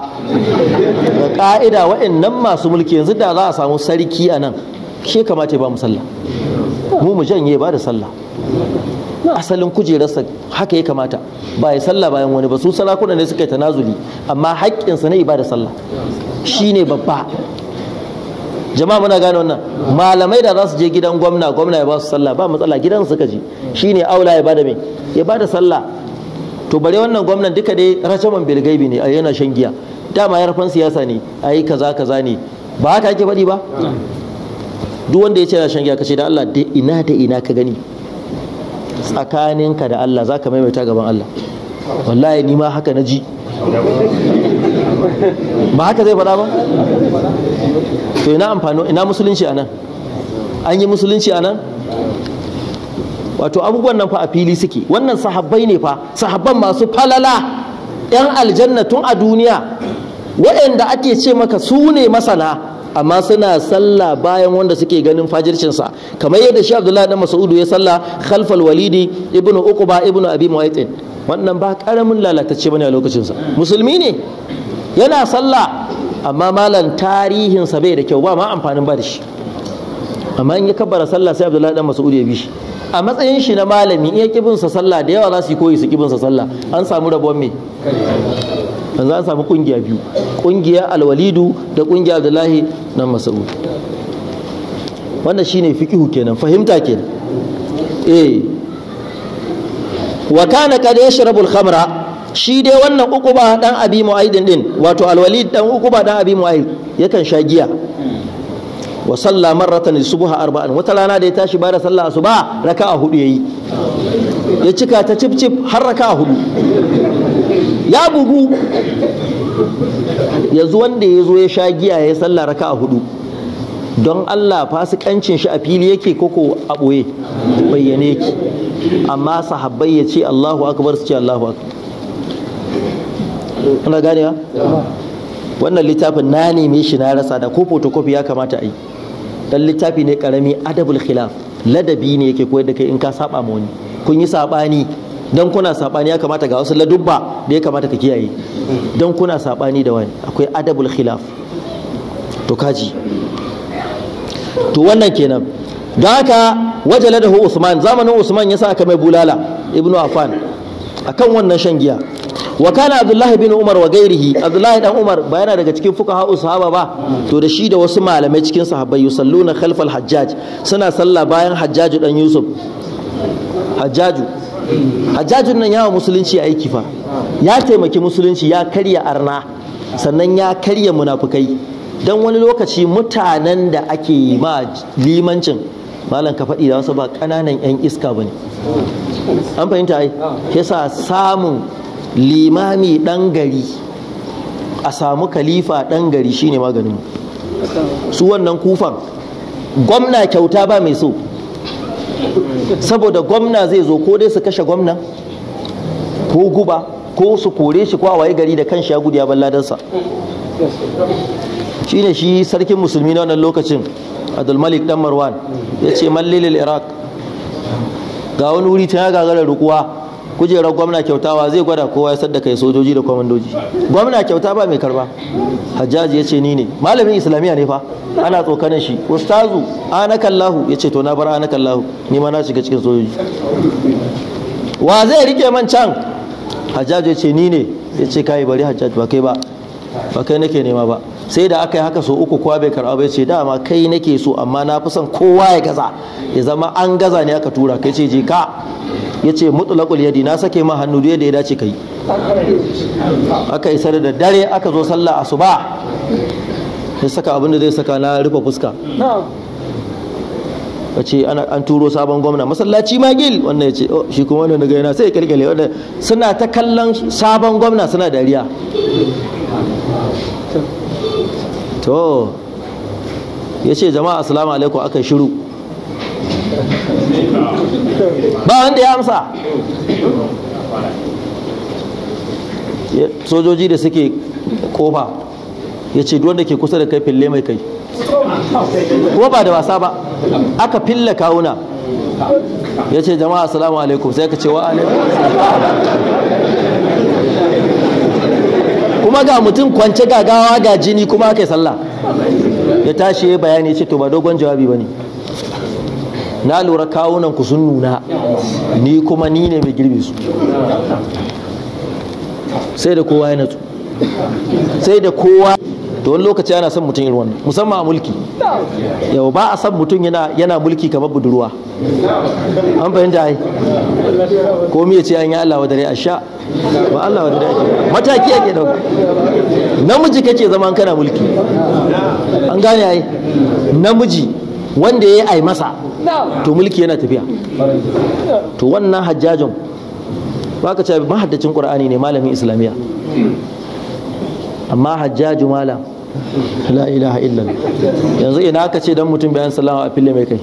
ga ƙa'ida waɗannan masu mulki yanzu da za a samu sarki a nan shi kamata ya ba mu sallah mu mu janye ba da sallah asalin kujerarsa haka ya kamata ba ya sallah bayan wani ba su sarakuna ne suka yi tanazuli amma haƙƙinsa na ibada sallah shi ne babba jama'a muna gane wannan malamai da za su je gidan gwamna gwamna ya ba su sallah ba matsala gidan suka je shi ne aula ya bada mai. ya bada sallah to bare wannan gwamnan duka dai rashaman bilgaibi ne a yana shan giya dama yarfan siyasa ne a yi kaza kaza ne ba haka ake faɗi ba duk wanda ya ce yana shan giya kace da Allah da ina da ina ka gani tsakaninka da Allah zaka maimaita gaban Allah wallahi ni ma haka na ji ba haka zai faɗa ba to ina amfano ina musulunci anan an yi musulunci anan wato abubuwan nan fa a fili suke wannan sahabbai ne fa sahabban masu falala yan aljanna tun a duniya waɗanda ake ce maka su ne masana amma suna sallah bayan wanda suke ganin fajircinsa kamar yadda shi abdullahi dan mas'udu ya sallah khalfal walidi ibnu uquba ibnu abi mu'aytin wannan ba karamin lalatacce bane a lokacinsa musulmi ne yana sallah amma malan tarihinsa bai da kyau ba ma amfanin ba da shi amma in ya kabbara sallah sai abdullahi dan mas'udu ya bi shi a matsayin shi na malami iya kibinsa sallah da yawa za su yi koyi su kibinsa sallah an samu rabon me yanzu an samu kungiya biyu kungiya alwalidu da kungiya abdullahi dan mas'ud wannan shine fiqihu kenan fahimta kenan eh wa kana kad yashrabu al-khamra shi dai wannan uku ukuba dan abi mu'aidin din wato alwalid dan ukuba dan abi mu'aid yakan sha giya wa salla marratan subha arba'an wata rana da ya tashi ba da sallah asuba raka'a hudu yayi ya cika ta cif cif har raka hudu ya bugu yanzu wanda ya zo ya sha giya ya salla raka hudu don Allah fasikancin shi a fili yake koko a ɓoye bayyane ki amma sahabbai ya ce Allahu akbar su ce Allahu akbar ana ganewa wannan littafin na neme shi na rasa da ko photocopy ya kamata a yi dan littafi ne karami adabul khilaf ladabi ne yake koyar da kai in ka saba ma wani kun yi sabani dan kuna sabani ya kamata ga wasu ladubba da ya kamata ka kiyaye dan kuna sabani da wani akwai adabul khilaf to kaji to wannan kenan don haka wajaladahu usman zamanin usman yasa aka mai bulala ibnu afan akan wannan shan giya wa kana abdullahi bin umar wa gairihi abdullahi dan umar ba yana daga cikin fuka ha'u sahaba ba to da shi da wasu malamai cikin sahabbai yusalluna khalfal hajjaj suna sallah bayan hajjaju dan yusuf hajjaju Hajjaju nan yawa musulunci aiki fa ya taimaki musulunci ya karya arna sannan ya karya munafukai dan wani lokaci mutanen da ake ma limancin malam ka faɗi da wasu ba ƙananan 'yan iska ba ne an fahimta ai yasa samun limami ɗan gari a samu kalifa ɗan gari shine maganin su wannan kufan gwamna kyauta ba mai so saboda gwamna zai zo ko dai su kashe gwamna ko guba ko su kore shi ko a waye gari da kan shi ya gudu ya balladansa shine shi sarkin musulmi na wannan lokacin abdulmalik dan marwan ya ce mallilil iraq ga wani wuri ta gagarar gagara rukuwa kujerar gwamna kyautawa zai gwada kowa ya sadda kai sojoji da kwamandoji gwamna kyauta ba mai karba hajjaji ya ce ni ne malamin islamiyya ne fa ana tsokanin shi ustazu anakallahu ya ce to na bar anakallahu ni ma na shiga cikin sojoji wa zai rike man can hajjaji ya ce ni ne ya ce kai bari hajjaji ba kai ba ba kai nake nema ba sai da aka yi haka so uku kowa bai karɓa bai ce dama kai nake so amma na fi son kowa ya gaza ya zama an gaza ne aka tura kai ce je ka yace mutulakul yadi na sake ma hannu da ya dace kai aka isar da dare aka zo sallah asuba ya saka abin da zai saka na rufe fuska a ce an turo sabon gwamna masallaci magil wannan ya ce oh, shi kuma wannan daga yana sai ya kirkire wannan suna ta kallon sabon gwamna suna dariya to ya ce jama'a assalamu alaikum aka shiru ba wanda ya amsa sojoji da suke kofa ya ce duwanda ke kusa da kai fille mai kai ko ba da wasa ba aka fille kawuna ya ce jama'a assalamu alaikum sai ka ce wa alaikum kuma ga mutum kwance gagawa ga jini kuma aka yi sallah ya tashi ya bayani ce to ba dogon jawabi ba ne na lura kawunan ku sun nuna ni kuma ni ne mai girbe su sai da kowa ya natsu sai da kowa to wani lokaci ana son mutum irin wannan musamman a mulki yau ba a son mutum yana yana mulki kamar budurwa an fahimta ai ko miye ce an yi Allah wa dare a sha ba Allah wa dare ake mataki ake dauka namiji kake zaman kana mulki an gane ai namiji wanda ya yi ai masa to mulki yana tafiya to wannan hajjajin baka ce mahaddacin qur'ani ne malamin islamiyya amma hajjaju malam la ilaha illallah yanzu ina ka ce dan mutum bayan salama a fille mai kai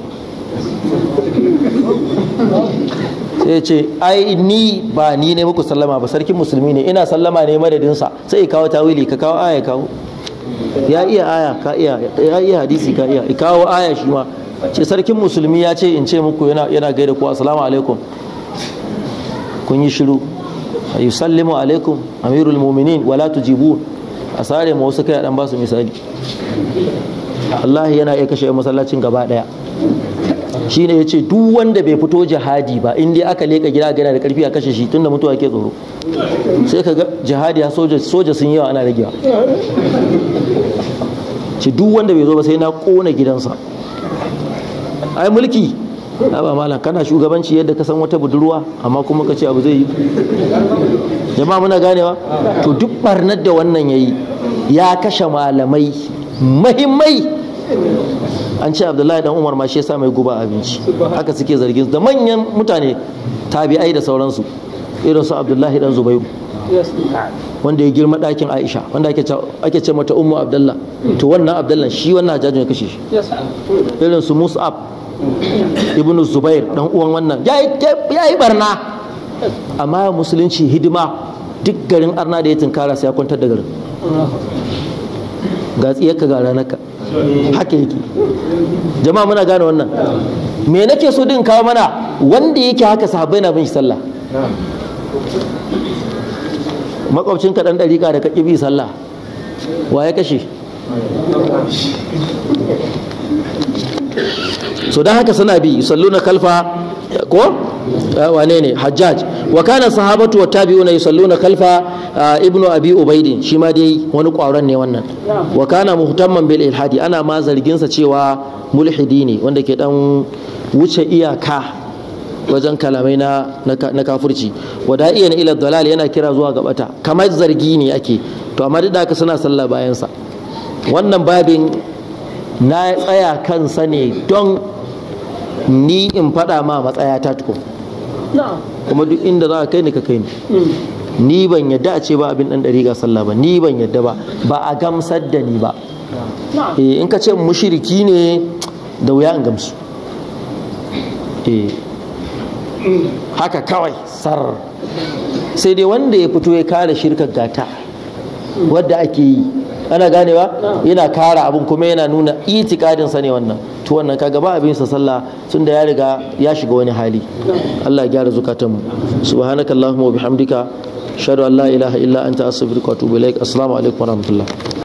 sai ce ai ni ba ni ne muku sallama ba sarkin musulmi ne ina sallama ne madadinsa sai ya kawo tawili ka kawo aya kawo ya iya aya ka iya ya iya hadisi ka iya kawo aya shi ma ce sarkin musulmi ya ce in ce muku yana yana gaida ku assalamu alaikum kun yi shiru yusallimu alaikum amirul mu'minin wala tujibu a sare ma wasu kai dan ba su misali Allah yana iya kashe masallacin gaba daya shine yace duk wanda bai fito jihadi ba in dai aka leka gida gana da karfi a kashe shi tunda mutuwa ke tsoro sai ka ga jihadi ya soja soja sun yawa ana ragewa ce duk wanda bai zo ba sai na kona gidansa ai mulki ba malam kana shugabanci yadda ka san wata budurwa amma kuma ka ce abu zai yi jama'a muna ganewa to duk barnar da wannan yayi ya kashe malamai mahimmai an ce abdullahi dan umar ma shi yasa mai guba abinci haka suke zargin da manyan mutane tabi'ai da sauransu irin su abdullahi dan zubairu wanda ya girma ɗakin aisha wanda ake ce mata ummu abdullah to wannan abdullah shi wannan hajjajin ya kashe shi irin su mus'ab ibn zubair dan uwan wannan ya yi barna amma musulunci hidima duk garin arna da ya tunkara sai ya kwantar da garin ga tsiyarka ga ranarka haka yake jama'a muna gane wannan me nake so din kawo mana wanda yake haka sahabbai na bin shi sallah makwabcin ka dan dariƙa da ka kibi sallah wa ya kashe so dan haka suna bi yusalluna kalfa ko ah, wane ne hajjaj wa kana sahabatu wa tabi'una yusalluna kalfa ah, ibnu abi ubaidin shi ma dai wani kwaron ne wannan wa kana muhtamman bil ilhadi ana ma zargin sa cewa mulhidi ne wanda ke dan wuce iyaka wajen kalamai na na kafurci wa na ila dalal yana kira zuwa gabata, kamar zargi ne ake to amma duk da haka suna sallah bayansa, wannan babin na tsaya kansa ne don ni in faɗa ma matsaya ta tuko. kuma duk inda za ka kai ni ka kai ni hmm. ni ban yadda a ce ba abin ɗan ɗari ga sallah ba ni ban yadda ba ba a gamsar da ni ba eh, in ka ce mushiriki ne da wuya in gamsu eh. haka kawai sar sai dai wanda ya fito ya kare shirkar gata hmm. wadda ake yi ana ganewa yana kara abin kuma yana nuna sa ne wannan to wannan kaga ba abin sa sallah tun da ya riga ya shiga wani hali Allah ya gyara zukatanmu subhanakallahumma wa bihamdika shadu an la ilaha illa anta astaghfiruka wa atubu ilaik assalamu alaikum wa rahmatullah